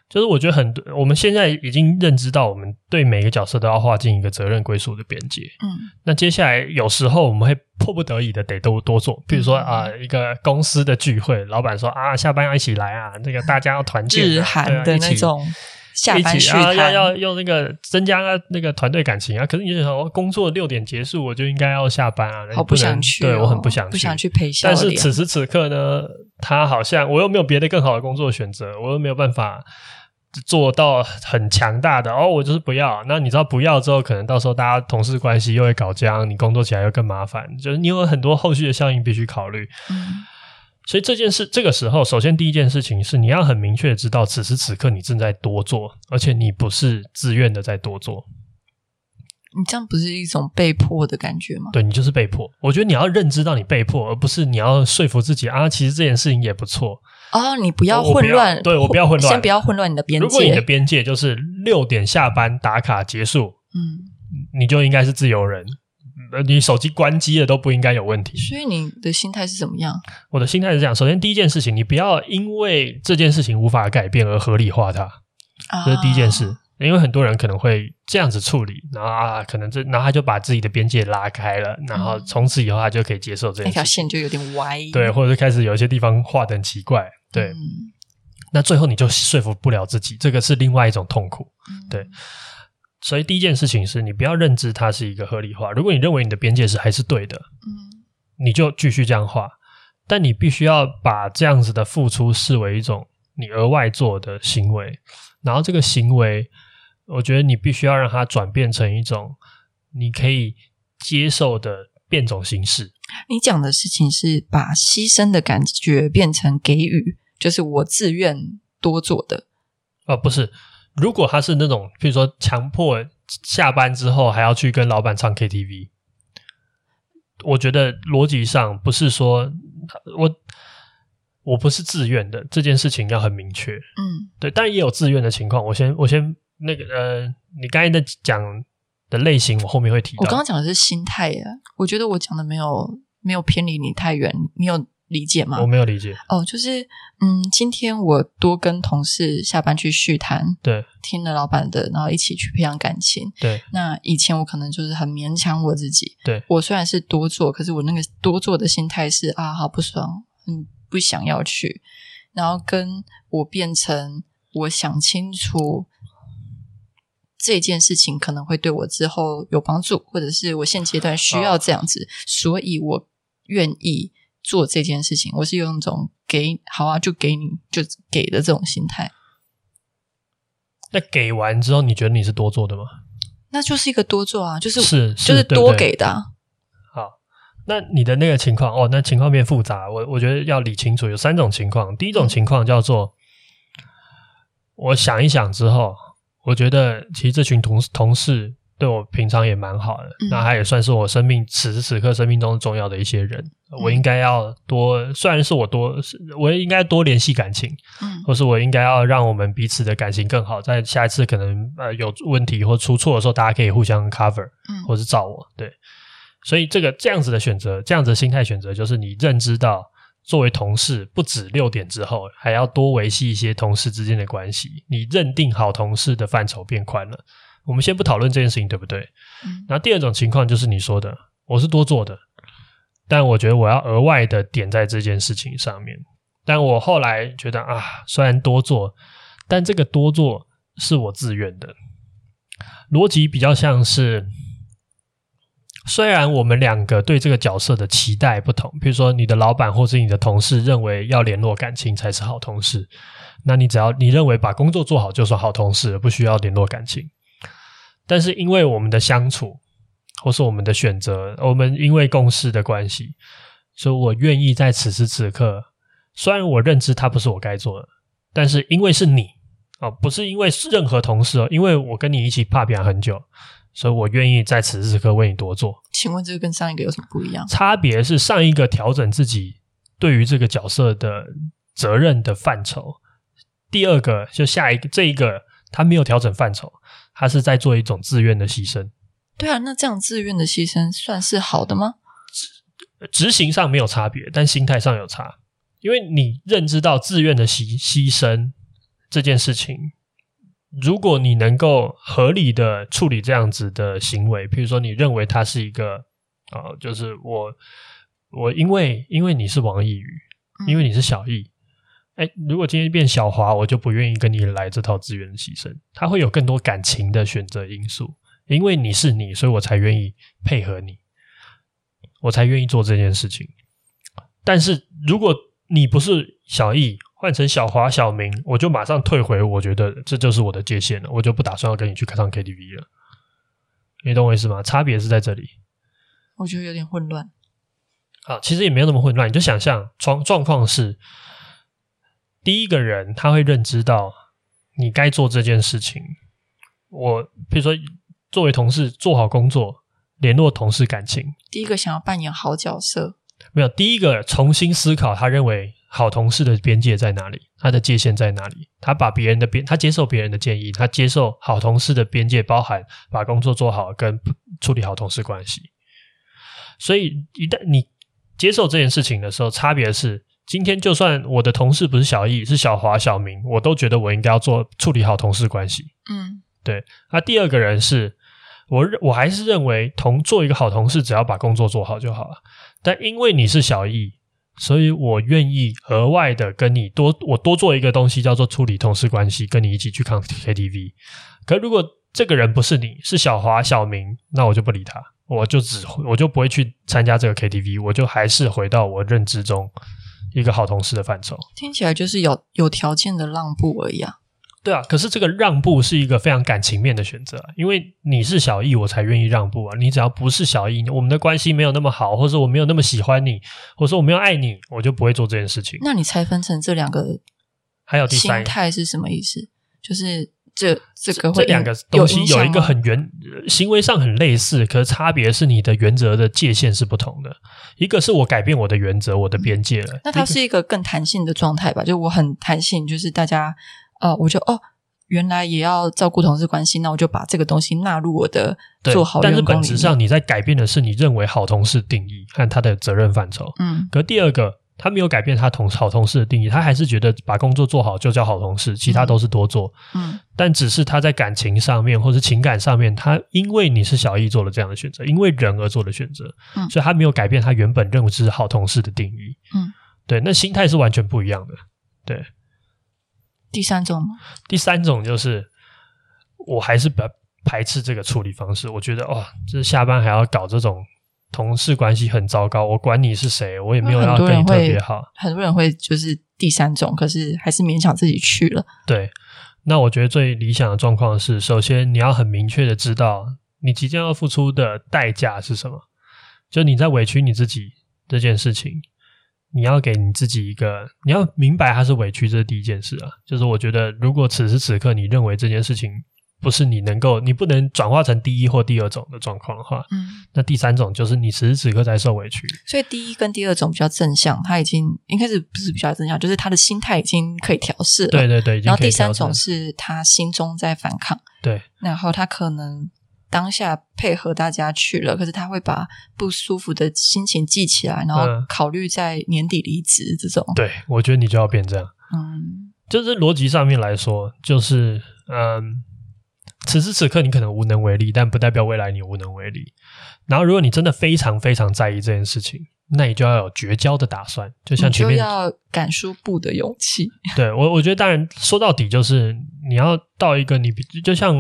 就是我覺得很多，我們現在已經認知到，我們對每個角色都要劃進一個責任歸屬的邊界。嗯，那接下來有時候我們會迫不得已的得都多做，比如說啊，呃嗯、一個公司的聚會，老板說啊，下班要一起來啊，那、這個大家要團建、啊，函的對啊，那種起起下班去、啊，要要要用那個增加、啊、那個團隊感情啊。可是你想說工作六點結束，我就應該要下班啊，那不好不想去、哦，對我很不想去不想去陪笑臉，但是此時此刻呢，他好像我又沒有別的更好的工作選擇，我又沒有辦法。做到很強大的哦，我就是不要。那你知道不要之後，可能到時候大家同事關係又會搞僵，你工作起來又更麻煩。就是，你有很多後續的效應必須考慮。嗯。所以這件事，這個時候，首先第一件事情是你要很明確的知道，此時此刻你正在多做，而且你不是自願的在多做。你這樣不是一種被迫的感覺嗎？對你就是被迫。我覺得你要認知到你被迫，而不是你要說服自己啊，其實這件事情也不錯。哦，你不要混亂，我我對我不要混亂，先不要混亂你的邊界。如果你的邊界就是六點下班打卡結束，嗯，你就應該是自由人，你手機關機了都不應該有問題。所以你的心態是怎麼樣？我的心態是這樣：首先第一件事情，你不要因為這件事情無法改變而合理化它，這、啊、是第一件事。因為很多人可能會這樣子處理，然後啊，可能這，然後他就把自己的邊界拉開了，嗯、然後從此以後他就可以接受這件事那條線就有點歪，對，或者是開始有一些地方畫的很奇怪。對，那最後你就說服不了自己，這個是另外一種痛苦。嗯、對，所以第一件事情是你不要認知它是一個合理化。如果你認為你的邊界是還是對的，嗯，你就繼續這樣畫。但你必須要把這樣子的付出視為一種你額外做的行為，嗯、然後這個行為，我覺得你必須要讓它轉變成一種你可以接受的。變種形式，你講的事情是把犧牲的感覺變成給予，就是我自願多做的。呃，不是，如果他是那種，譬如說強迫下班之後還要去跟老板唱 KTV，我覺得邏輯上不是說我我不是自願的，這件事情要很明確。嗯，對，但也有自願的情況。我先，我先那個，呃，你剛才在講。的類型，我後面會提到。我剛剛講的是心態耶，我覺得我講的沒有沒有偏離你太遠，你有理解嗎？我沒有理解。哦，就是嗯，今天我多跟同事下班去敘談，對，聽了老板的，然後一起去培養感情，對。那以前我可能就是很勉強我自己，對。我雖然是多做，可是我那個多做的心態是啊，好不爽，嗯，不想要去。然後跟我變成我想清楚。這件事情可能會對我之後有幫助，或者是我現階段需要這樣子，哦、所以我願意做這件事情。我是用一種給好啊，就給你就給的這種心態。那給完之後，你覺得你是多做的嗎？那就是一個多做啊，就是是就是多給的、啊對對。好，那你的那個情況哦，那情況變複雜。我我覺得要理清楚，有三種情況。第一種情況叫做，嗯、我想一想之後。我覺得其實這群同事同事對我平常也蠻好的，嗯、那他也算是我生命此時此刻生命中重要的一些人，嗯、我應該要多，雖然是我多，我應該多聯繫感情，嗯，或是我應該要讓我們彼此的感情更好，在下一次可能呃有問題或出錯的時候，大家可以互相 cover，嗯，或是找我，對，所以這個這樣子的選擇，這樣子的心態選擇，就是你認知到。作為同事，不止六點之後，還要多維繫一些同事之間的關係。你認定好同事的範疇變寬了，我們先不討論這件事情，對不對？那、嗯、第二種情況就是你說的，我是多做的，但我覺得我要額外的點在這件事情上面。但我後來覺得啊，雖然多做，但這個多做是我自願的，邏輯比較像是。雖然我們兩個對這個角色的期待不同，比如說你的老闆或是你的同事認為要聯絡感情才是好同事，那你只要你認為把工作做好就是好同事，不需要聯絡感情。但是因為我們的相處，或是我們的選擇，我們因為共事的關係，所以我願意在此時此刻，雖然我認知他不是我該做的，但是因為是你啊，哦，不是因為是任何同事哦，因為我跟你一起爬山很久。所以我願意在此時此刻為你多做。請問這個跟上一個有什麼不一樣？差別是上一個調整自己對於這個角色的責任的範疇，第二個就下一個這一個他沒有調整範疇，他是在做一種自願的犧牲。對啊，那這樣自願的犧牲算是好的嗎？執行上沒有差別，但心態上有差，因為你認知到自願的犧犧牲這件事情。如果你能夠合理的處理這樣子的行為，譬如說你認為他是一個啊、哦，就是我我因為因為你是王毅宇，因為你是小易，哎、欸，如果今天變小華，我就不願意跟你來這套資源的犧牲，他會有更多感情的選擇因素，因為你是你，所以我才願意配合你，我才願意做這件事情。但是如果你不是小易。換成小華、小明，我就馬上退回。我覺得這就是我的界限了，我就不打算要跟你去唱 KTV 了。你懂我意思嗎？差別是在這裡。我覺得有點混亂。好，其實也沒有那麼混亂。你就想象狀狀況是：第一個人他會認知到你該做這件事情。我譬如說，作為同事，做好工作，聯絡同事感情。第一個想要扮演好角色。沒有，第一個重新思考，他認為。好同事的邊界在哪裡？他的界限在哪裡？他把別人的邊，他接受別人的建議，他接受好同事的邊界，包含把工作做好跟處理好同事關係。所以，一旦你接受這件事情的時候，差別是，今天就算我的同事不是小易，是小華、小明，我都覺得我應該要做處理好同事關係。嗯，對。那，啊，第二個人是，我，我還是認為同做一個好同事，只要把工作做好就好了。但因為你是小易。所以我願意額外的跟你多，我多做一個東西叫做處理同事關係，跟你一起去看 KTV。可如果這個人不是你，是小華、小明，那我就不理他，我就只我就不會去參加這個 KTV，我就還是回到我認知中一個好同事的範疇。聽起來就是有有條件的讓步而已啊。對啊，可是這個讓步是一個非常感情面的選擇啊，因為你是小易，我才願意讓步啊。你只要不是小易，我們的關係沒有那麼好，或者我沒有那麼喜歡你，或者說我沒有愛你，我就不會做這件事情。那你拆分成這兩個，還有心態是什麼意思？就是這這個會這兩個東西有一個很原行為上很類似，可是差別是你的原則的界限是不同的。一個是我改變我的原則，我的邊界了。嗯。那它是一個更彈性的狀態吧？嗯。就我很彈性，就是大家。哦，我就哦，原來也要照顧同事關係，那我就把這個東西納入我的做好工作。對。但是本質上，你在改變的是你認為好同事定義和他的責任範疇。嗯，可第二個，他沒有改變他同好同事的定義，他還是覺得把工作做好就叫好同事，其他都是多做。嗯，但只是他在感情上面或是情感上面，他因為你是小易做了這樣的選擇，因為人而做的選擇，嗯。所以他沒有改變他原本認為這是好同事的定義。嗯，對，那心態是完全不一樣的。對。第三種嗎？第三種就是，我還是比較排斥這個處理方式。我覺得，哇、哦，就是下班還要搞這種，同事關係很糟糕。我管你是誰，我也沒有要跟你特別好。很多人會，很多人會就是第三種，可是還是勉強自己去了。對，那我覺得最理想的狀況是，首先你要很明確的知道你即將要付出的代價是什麼，就你在委屈你自己這件事情。你要給你自己一個，你要明白他是委屈，這是第一件事啊。就是我覺得，如果此時此刻你認為這件事情不是你能夠，你不能轉化成第一或第二種的狀況的話，嗯，那第三種就是你此時此刻在受委屈。所以第一跟第二種比較正向，他已經應該是不是比較正向，就是他的心態已經可以調適了。對對對，然後第三種是他心中在反抗。對，然後他可能。當下配合大家去了，可是他會把不舒服的心情記起來，然後考慮在年底離職這種。嗯、對，我覺得你就要變這樣。嗯，就是邏輯上面來說，就是嗯，此時此刻你可能無能為力，但不代表未來你無能為力。然後，如果你真的非常非常在意這件事情，那你就要有絕交的打算。就像前面，你就要敢說不的勇氣。對，我，我覺得當然，說到底就是。你要到一個你就像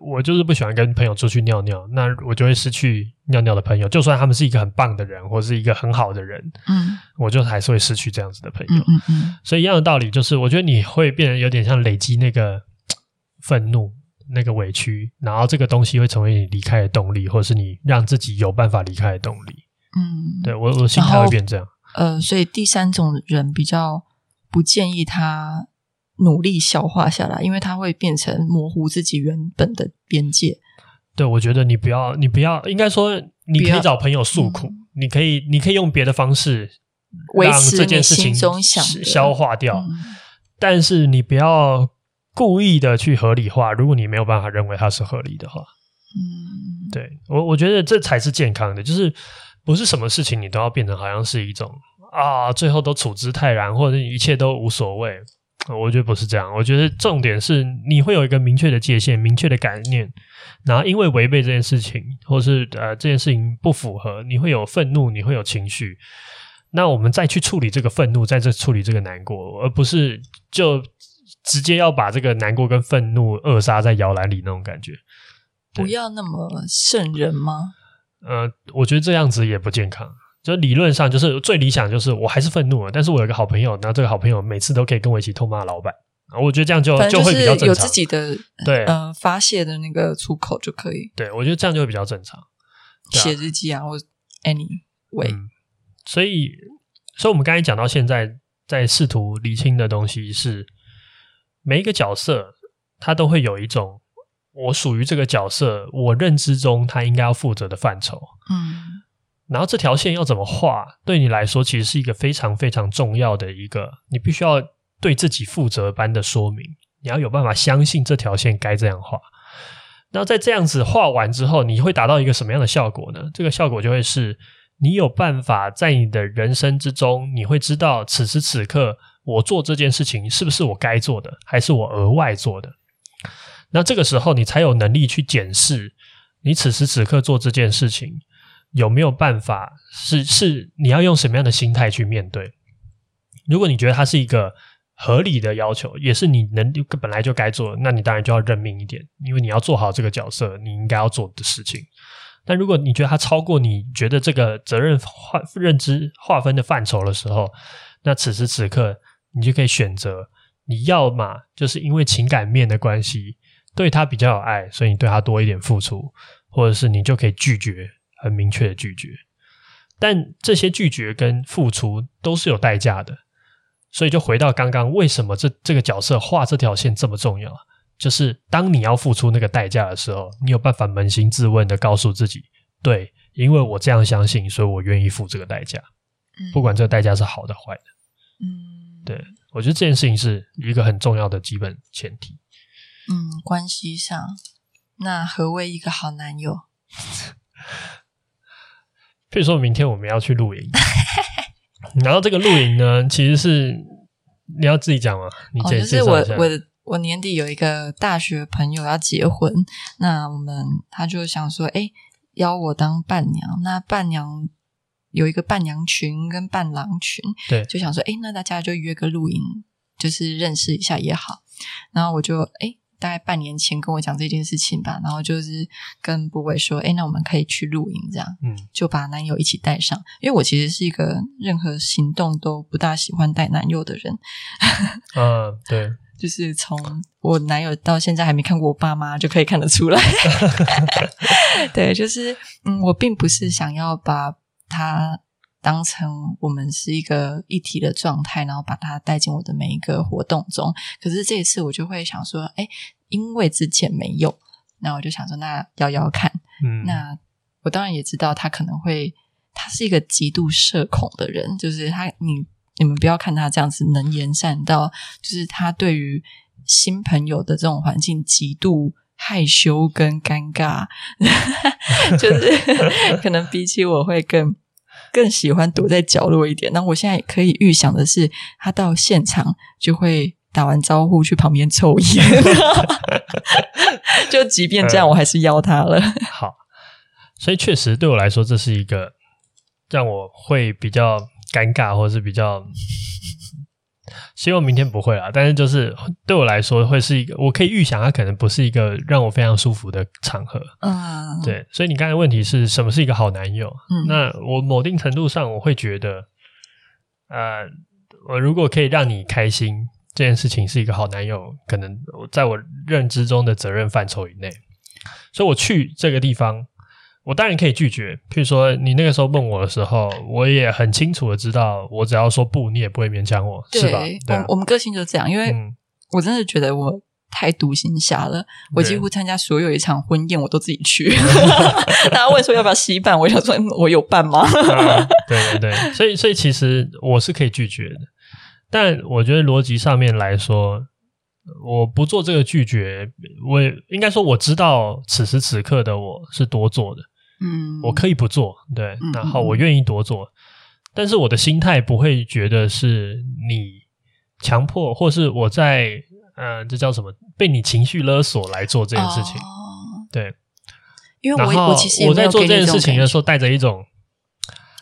我，就是不喜歡跟朋友出去尿尿，那我就會失去尿尿的朋友。就算他們是一個很棒的人，或是一個很好的人，嗯，我就還是會失去這樣子的朋友。嗯嗯嗯。所以一樣的道理，就是我覺得你會變得有點像累積那個憤怒、那個委屈，然後這個東西會成為你離開的動力，或是你讓自己有辦法離開的動力。嗯，對，我，我心態會變這樣。呃，所以第三種人比較不建議他。努力消化下來，因為它會變成模糊自己原本的邊界。對，我覺得你不要，你不要，應該說你可以找朋友訴苦，嗯、你可以，你可以用別的方式讓這件事情消化掉。嗯、但是你不要故意的去合理化，如果你沒有辦法認為它是合理的話，嗯，對，我我覺得這才是健康的，就是不是什麼事情你都要變成好像是一種啊，最後都處之泰然，或者一切都無所謂。我覺得不是這樣，我覺得重點是你會有一個明確的界限、明確的概念，然後因為違背這件事情，或是呃這件事情不符合，你會有憤怒，你會有情緒，那我們再去處理這個憤怒，再去處理這個難過，而不是就直接要把這個難過跟憤怒扼殺在搖籃裡那種感覺。不要那麼聖人嗎？呃，我覺得這樣子也不健康。就理論上就是最理想，就是我還是憤怒了，但是我有一個好朋友，那這個好朋友每次都可以跟我一起痛罵老板啊，我覺得這樣就就，就會比較正常。有自己的對嗯、呃、發洩的那個出口就可以。對，我覺得這樣就會比較正常。寫日記啊，啊或 anyway、嗯。所以，所以我們剛才講到現在，在試圖釐清的東西是每一個角色，他都會有一種我屬於這個角色，我認知中他應該要負責的範疇。嗯。然後這條線要怎麼畫？對你來說，其實是一個非常非常重要的一個，你必須要對自己負責般的說明。你要有辦法相信這條線該這樣畫。那在這樣子畫完之後，你會達到一個什麼樣的效果呢？這個效果就會是你有辦法在你的人生之中，你會知道此時此刻我做這件事情是不是我該做的，還是我額外做的。那這個時候，你才有能力去檢視你此時此刻做這件事情。有沒有辦法？是是，你要用什麼樣的心態去面對？如果你覺得他是一個合理的要求，也是你能本來就該做的，那你當然就要認命一點，因為你要做好這個角色，你應該要做的事情。但如果你覺得他超過你覺得這個責任劃認知劃分的範疇的時候，那此時此刻你就可以選擇，你要嘛就是因為情感面的關係，對他比較有愛，所以你對他多一點付出，或者是你就可以拒絕。很明確的拒絕，但這些拒絕跟付出都是有代價的，所以就回到剛剛，為什麼這這個角色畫這條線這麼重要？就是當你要付出那個代價的時候，你有辦法捫心自問的告訴自己，對，因為我這樣相信，所以我願意付這個代價，不管這個代價是好的壞的。嗯，對，我覺得這件事情是一個很重要的基本前提。嗯，關係上，那何為一個好男友？所以說明天我們要去露營， 然後這個露營呢？其實是你要自己講嗎？你自己、哦、就是我我我年底有一個大學朋友要結婚，那我們他就想說，誒，邀我當伴娘，那伴娘有一個伴娘群跟伴郎群，對，就想說，誒，那大家就約個露營，就是認識一下也好，然後我就誒大概半年前跟我講這件事情吧，然後就是跟部委說：“誒，那我們可以去露營這樣。”嗯，就把男友一起帶上，因為我其實是一個任何行動都不大喜歡帶男友的人。嗯，uh, 對，就是從我男友到現在還沒看過我爸媽，就可以看得出來。 對，就是嗯，我並不是想要把他。當成我們是一個一體的狀態，然後把他帶進我的每一個活動中。可是這一次，我就會想說，哎，因為之前沒有，那我就想說，那邀邀看。嗯、那我當然也知道，他可能會，他是一個極度社恐的人，就是他，你你們不要看他這樣子能言善道，就是他對於新朋友的這種環境極度害羞跟尷尬， 就是可能比起我會更。更喜歡躲在角落一點。那我現在可以預想的是，他到現場就會打完招呼，去旁邊抽煙。 就即便這樣，我還是邀他了、呃。好，所以確實對我來說，這是一個讓我會比較尷尬，或者是比較。 希望明天不會啊，但是就是對我來說，會是一個我可以預想，它可能不是一個讓我非常舒服的場合啊。嗯，對，所以你剛才問題是什麼是一個好男友？嗯，那我某定程度上，我會覺得，呃，我如果可以讓你開心，這件事情是一個好男友，可能在我認知中的責任範疇以內。所以，我去這個地方。我當然可以拒絕，譬如說你那個時候問我的時候，我也很清楚的知道，我只要說不，你也不會勉強我，是吧？對，對我，我們個性就是這樣，因為我真的覺得我太獨行俠了，對我幾乎參加所有一場婚宴，我都自己去。大家對 問說要不要攜伴，我想說，我有伴嗎、 啊？對對對，所以所以其實我是可以拒絕的，但我覺得邏輯上面來說，我不做這個拒絕，我應該說我知道此時此刻的我是多做的。嗯，我可以不做，對，嗯、然後我願意多做，嗯、但是我的心態不會覺得是你強迫，或是我在，嗯、呃，這叫什麼？被你情緒勒索來做這件事情，哦、對。因為我，我後我其實也我在做這件事情的時候帶着一種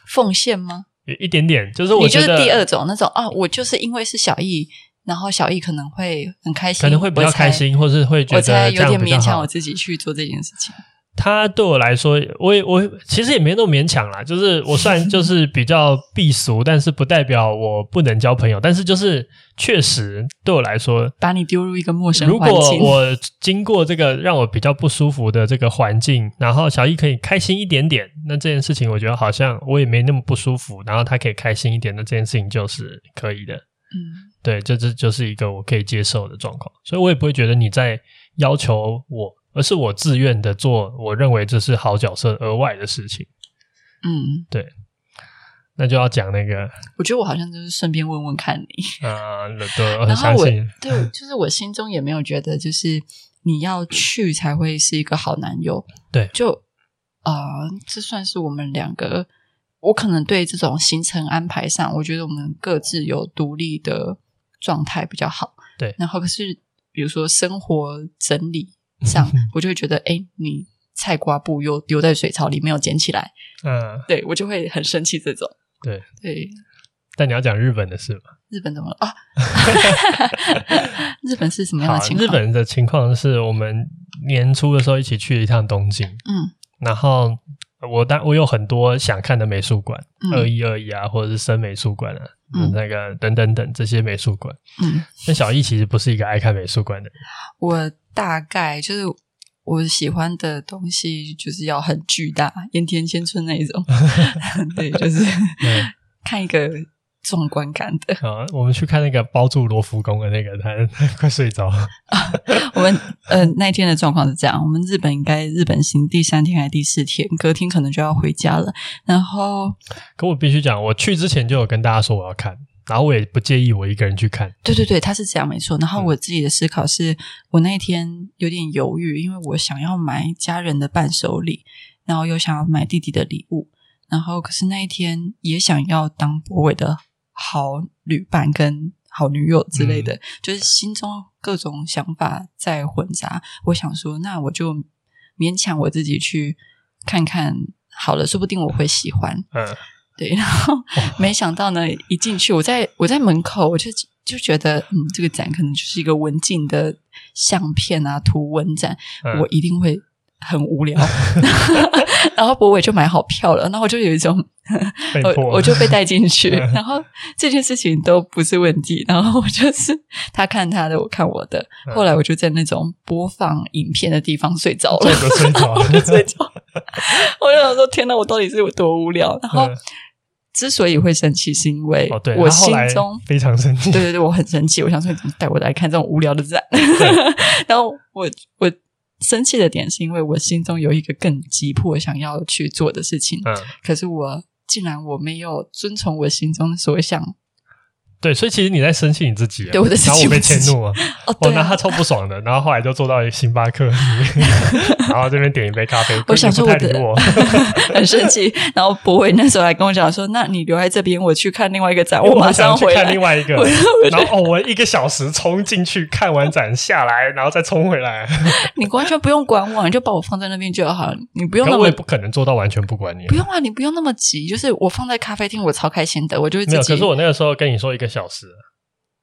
奉獻嗎？有一點點，就是我覺得你就是第二種那種啊，我就是因為是小藝，然後小藝可能會很開心，可能會比較開心，才或是會覺得我在有點勉強我自己去做這件事情。他對我來說，我也我其實也沒那麼勉強啦。就是我算就是比較避俗， 但是不代表我不能交朋友。但是就是確實對我來說，把你丟入一個陌生，如果我經過這個讓我比較不舒服的這個環境，然後小藝可以開心一點點，那這件事情我覺得好像我也沒那麼不舒服。然後他可以開心一點，那這件事情就是可以的。嗯，對，這是就，就是一個我可以接受的狀況，所以我也不會覺得你在要求我。而是我自願的做，我認為這是好角色額外的事情。嗯，對，那就要講那個。我覺得我好像就是順便問問看你。啊、呃，那個。對 然後我 對，就是我心中也沒有覺得，就是你要去才會是一個好男友。對，就啊、呃，這算是我們兩個。我可能對這種行程安排上，我覺得我們各自有獨立的狀態比較好。對，然後可是比如說生活整理。像我就會覺得，哎，你菜瓜布又丟在水槽裡沒有撿起來，嗯，對我就會很生氣。這種，對對，對但你要講日本的事吧？日本怎麼了啊？哦、 日本是什麼樣的情況？日本的情況是我們年初的時候一起去了一趟東京，嗯，然後我但我有很多想看的美術館，二一二一啊，或者是森美術館啊，嗯，那個等等等這些美術館，嗯，那小易其實不是一個愛看美術館的人，我。大概就是我喜歡的東西，就是要很巨大，鹽田千春那一種， 對，就是、嗯、看一個壯觀感的、啊。我們去看那個包住羅浮宮的那個，他他快睡着。 啊、我們呃那天的狀況是這樣，我們日本應該日本行第三天還是第四天，隔天可能就要回家了。然後，可我必須講，我去之前就有跟大家說我要看。然後我也不介意，我一個人去看。對對對，他是這樣沒錯。然後我自己的思考是，嗯、我那一天有點猶豫，因為我想要買家人的伴手禮，然後又想要買弟弟的禮物，然後可是那一天也想要當博偉的好女伴跟好女友之類的，嗯、就是心中各種想法在混雜。我想說，那我就勉強我自己去看看好了，說不定我會喜歡。嗯對，然後沒想到呢，一進去，我在我在門口，我就就覺得，嗯，這個展可能就是一個文靜的相片啊、圖文展，嗯、我一定會很無聊。 然後博偉就買好票了，然後我就有一種， 我，我就被帶進去，然後這件事情都不是問題。嗯、然後我就是他看他的，我看我的。嗯、後來我就在那種播放影片的地方睡着了，睡着了，我就睡着。 我就想說，天哪，我到底是有多無聊？然後。嗯之所以會生氣，是因為我心中非常生氣。對對對，我很生氣，我想說你怎麼帶我來看這種無聊的展？ 對然後我我生氣的點是因為我心中有一個更急迫想要去做的事情，嗯，可是我竟然我沒有遵從我心中所想。對，所以其實你在生氣你自己，對我然後我被遷怒啊，哦，那他超不爽的，然後後來就坐到星巴克，然後這邊點一杯咖啡，我想說的，很生氣，然後博偉那時候還跟我講說，那你留在這邊，我去看另外一個展，我馬上回來，看另外一個，然後我一個小時衝進去看完展下來，然後再衝回來，你完全不用管我，你就把我放在那邊就好，你不用那麼，我也不可能做到完全不管你，不用啊，你不用那麼急，就是我放在咖啡廳，我超開心的，我就會這樣。可是我那個時候跟你說一個。小時，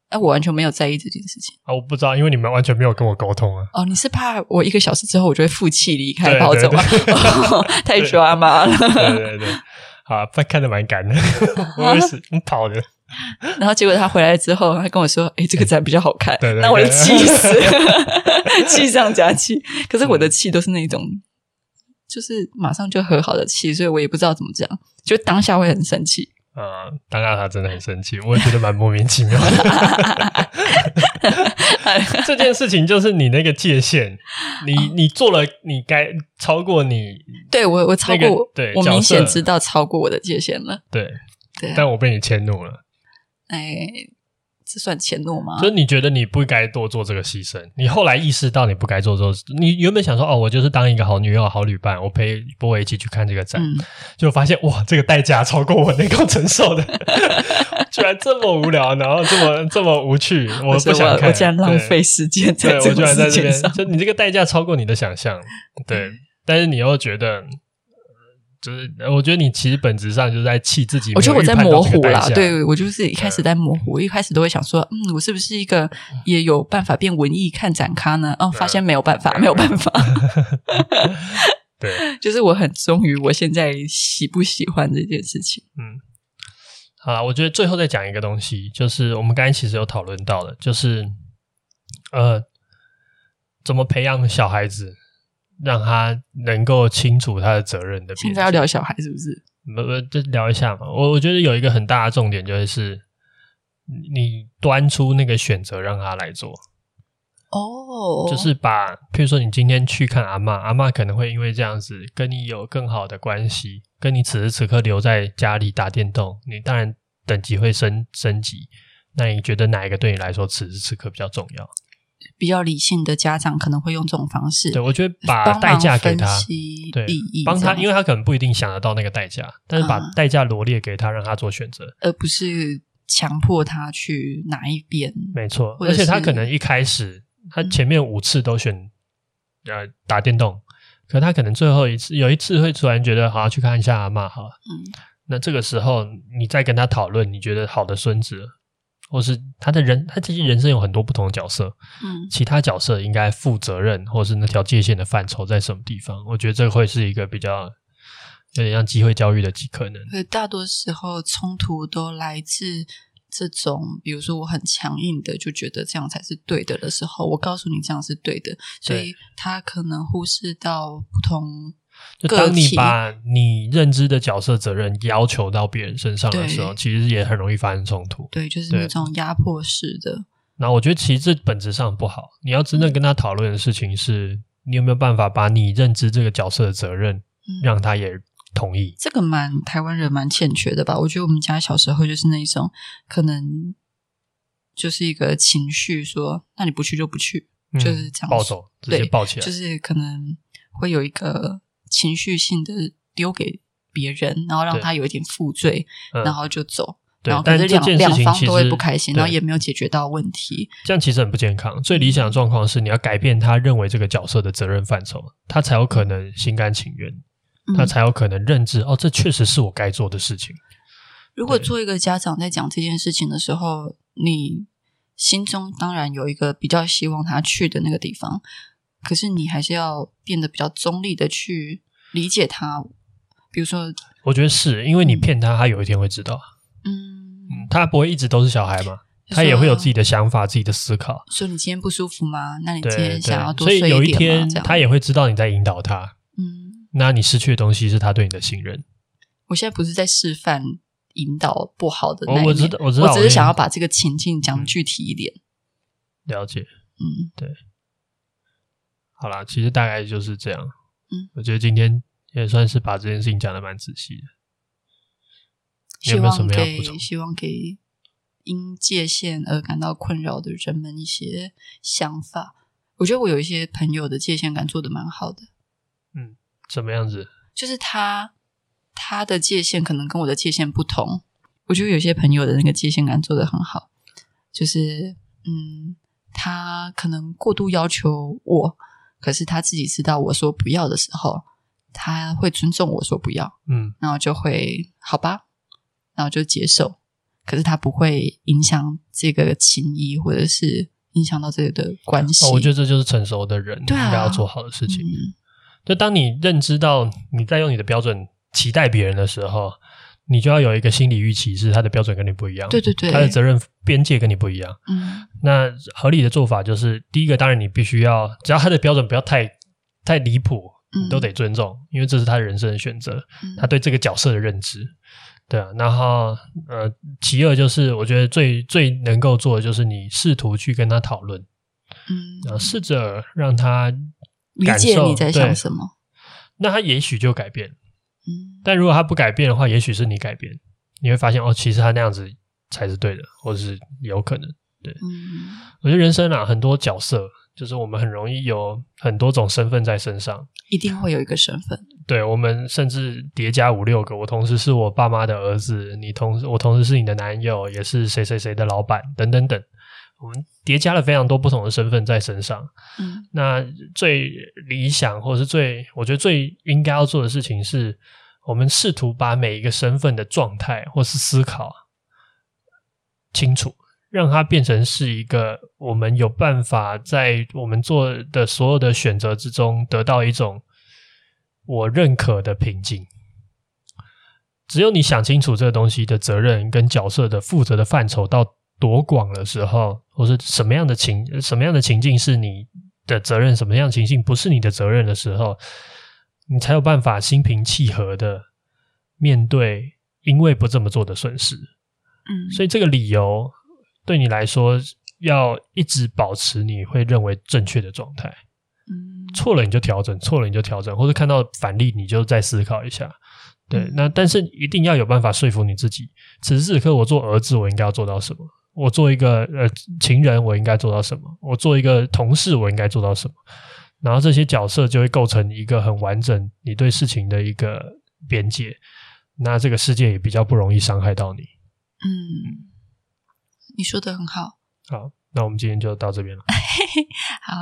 哎、啊，我完全沒有在意這件事情啊！我不知道，因為你們完全沒有跟我溝通啊！哦，你是怕我一個小時之後我就會負氣離開，跑走太抓馬了對對對對！對對對，好，看得蠻趕的， 啊、我為是，你跑的。然後結果他回來之後，他跟我說：“哎、欸，這個展比較好看。”，那我氣死，氣 上加氣。可是我的氣都是那種，就是馬上就和好的氣，所以我也不知道怎麼講，就當下會很生氣。嗯，當然他真的很生氣，我也覺得蠻莫名其妙的。 這件事情就是你那個界限，你你做了，你該超過你，那個。對我，我超過我，那個，對我明顯知道超過我的界限了。對，對。但我被你遷怒了。哎。這算怯懦嗎？所以你覺得你不該多做這個犧牲？你後來意識到你不該做這件事。你原本想說哦，我就是當一個好女友、好女伴，我陪博偉一起去看這個展，嗯、就發現哇，這個代價超過我能夠承受的， 居然這麼無聊， 然後這麼這麼無趣，我不想看我我，我竟然浪費時間在這個事情上。對，我居然在這邊。就你這個代價超過你的想象，對，嗯、但是你又覺得。就是我覺得你其實本質上就是在氣自己，我覺得我在模糊啦，對，我就是一開始在模糊，嗯、我一開始都會想說，嗯，我是不是一個也有辦法變文藝看展咖呢？哦，嗯、發現沒有辦法，嗯、沒有辦法。 對，就是我很忠於我現在喜不喜歡這件事情。嗯，好啦，我覺得最後再講一個東西，就是我們剛才其實有討論到的，就是呃，怎麼培養小孩子。讓他能夠清楚他的責任的邊界。現在要聊小孩是不是？不不，就聊一下嘛。我我覺得有一個很大的重點就是，你端出那個選擇，讓他來做。哦。Oh. 就是把，比如說你今天去看阿嬤，阿嬤可能會因為這樣子跟你有更好的關係，跟你此時此刻留在家裡打電動，你當然等級會升升級。那你覺得哪一個對你來說此時此刻比較重要？比較理性的家長可能會用這種方式，對，我覺得把代價給他，對，幫他，因為他可能不一定想得到那個代價，嗯、但是把代價羅列給他，讓他做選擇，而不是強迫他去哪一邊。沒錯，而且他可能一開始、嗯、他前面五次都選呃打電動，可他可能最後一次有一次會突然覺得，好，去看一下阿嬤，好了，嗯，那這個時候你再跟他討論，你覺得好的孫子。或是他的人，他其實人生有很多不同的角色，嗯，其他角色應該負責任，或是那條界限的範疇在什麼地方？我覺得這會是一個比較有點像機會教育的極可能。可，大多時候衝突都來自這種，比如說我很強硬的就覺得這樣才是對的的時候，我告訴你這樣是對的，所以他可能忽視到不同。就當你把你認知的角色責任要求到別人身上的時候，對其實也很容易發生衝突。對，就是那種壓迫式的。那我覺得其實這本質上不好。你要真正跟他討論的事情是、嗯、你有沒有辦法把你認知這個角色的責任讓他也同意。嗯、這個蠻台灣人蠻欠缺的吧？我覺得我們家小時候就是那一種，可能就是一個情緒說，那你不去就不去，嗯、就是這樣抱走，直接抱起來，就是可能會有一個。情緒性的丟給別人，然後讓他有一點負罪，對然後就走。嗯、然後可是兩但兩方都會不開心，實然後也沒有解決到問題。這樣其實很不健康。最理想的狀況是，你要改變他認為這個角色的責任範疇，他才有可能心甘情願，他才有可能認知、嗯、哦，這確實是我該做的事情。如果做一個家長在講這件事情的時候，對你心中當然有一個比較希望他去的那個地方。可是你還是要變得比較中立的去理解他，比如說，我覺得是因為你騙他，他有一天會知道。嗯，他不會一直都是小孩嘛，他也會有自己的想法、自己的思考。說你今天不舒服嗎？那你今天想要多睡一點。所以有一天他也會知道你在引導他。嗯，那你失去的東西是他對你的信任。我現在不是在示範引導不好的那一面，我知道，我只是想要把這個情境講具體一點。了解。嗯，對。好啦，其實大概就是這樣。嗯，我覺得今天也算是把這件事情講得蠻仔細的。有沒有什麼要希，希望給因界限而感到困擾的人們一些想法？我覺得我有一些朋友的界限感做得蠻好的。嗯，怎麼樣子？就是他他的界限可能跟我的界限不同。我覺得有些朋友的那個界限感做得很好，就是嗯，他可能過度要求我。可是他自己知道我說不要的時候，他會尊重我說不要，嗯，然後就會好吧，然後就接受。可是他不會影響這個情誼，或者是影響到這個的關係，哦。我覺得這就是成熟的人應該、啊、要做好的事情。嗯，就當你認知到你在用你的標準期待別人的時候。你就要有一個心理預期，是他的標準跟你不一樣，對對對，他的責任邊界跟你不一樣。嗯，那合理的做法就是，第一個當然你必須要，只要他的標準不要太太離譜，你都得尊重，嗯、因為這是他人生的選擇，嗯、他對這個角色的認知，對啊。然後呃，其二就是，我覺得最最能夠做的就是你試圖去跟他討論，嗯，然後試着讓他感受理解你在想什麼，那他也許就改變嗯，但如果他不改變的話，也許是你改變，你會發現哦，其實他那樣子才是對的，或者是有可能。對。嗯，我覺得人生啊，很多角色，就是我們很容易有很多種身份在身上，一定會有一個身份。對，我們甚至疊加五六個，我同時是我爸媽的兒子，你同，我同時是你的男友，也是誰誰誰的老闆，等等等。我們疊加了非常多不同的身份在身上。嗯，那最理想，或是最我覺得最應該要做的事情是，是我們試圖把每一個身份的狀態，或是思考清楚，讓它變成是一個我們有辦法在我們做的所有的選擇之中，得到一種我認可的平靜。只有你想清楚這個東西的責任跟角色的負責的範疇到。多廣的時候，或是什麼樣的情、什麼樣的情境是你的責任，什麼樣的情境不是你的責任的時候，你才有辦法心平氣和的面對因為不這麼做的損失。嗯，所以這個理由對你來說，要一直保持你會認為正確的狀態。嗯，錯了你就調整，錯了你就調整，或者看到反例，你就再思考一下。對，嗯、那但是一定要有辦法說服你自己。此時此刻，我做兒子，我應該要做到什麼？我做一個呃情人，我應該做到什麼？我做一個同事，我應該做到什麼？然後這些角色就會構成一個很完整你對事情的一個邊界，那這個世界也比較不容易傷害到你。嗯，你說的很好。好，那我們今天就到這邊了。嘿嘿，好，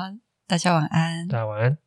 大家晚安。大家晚安。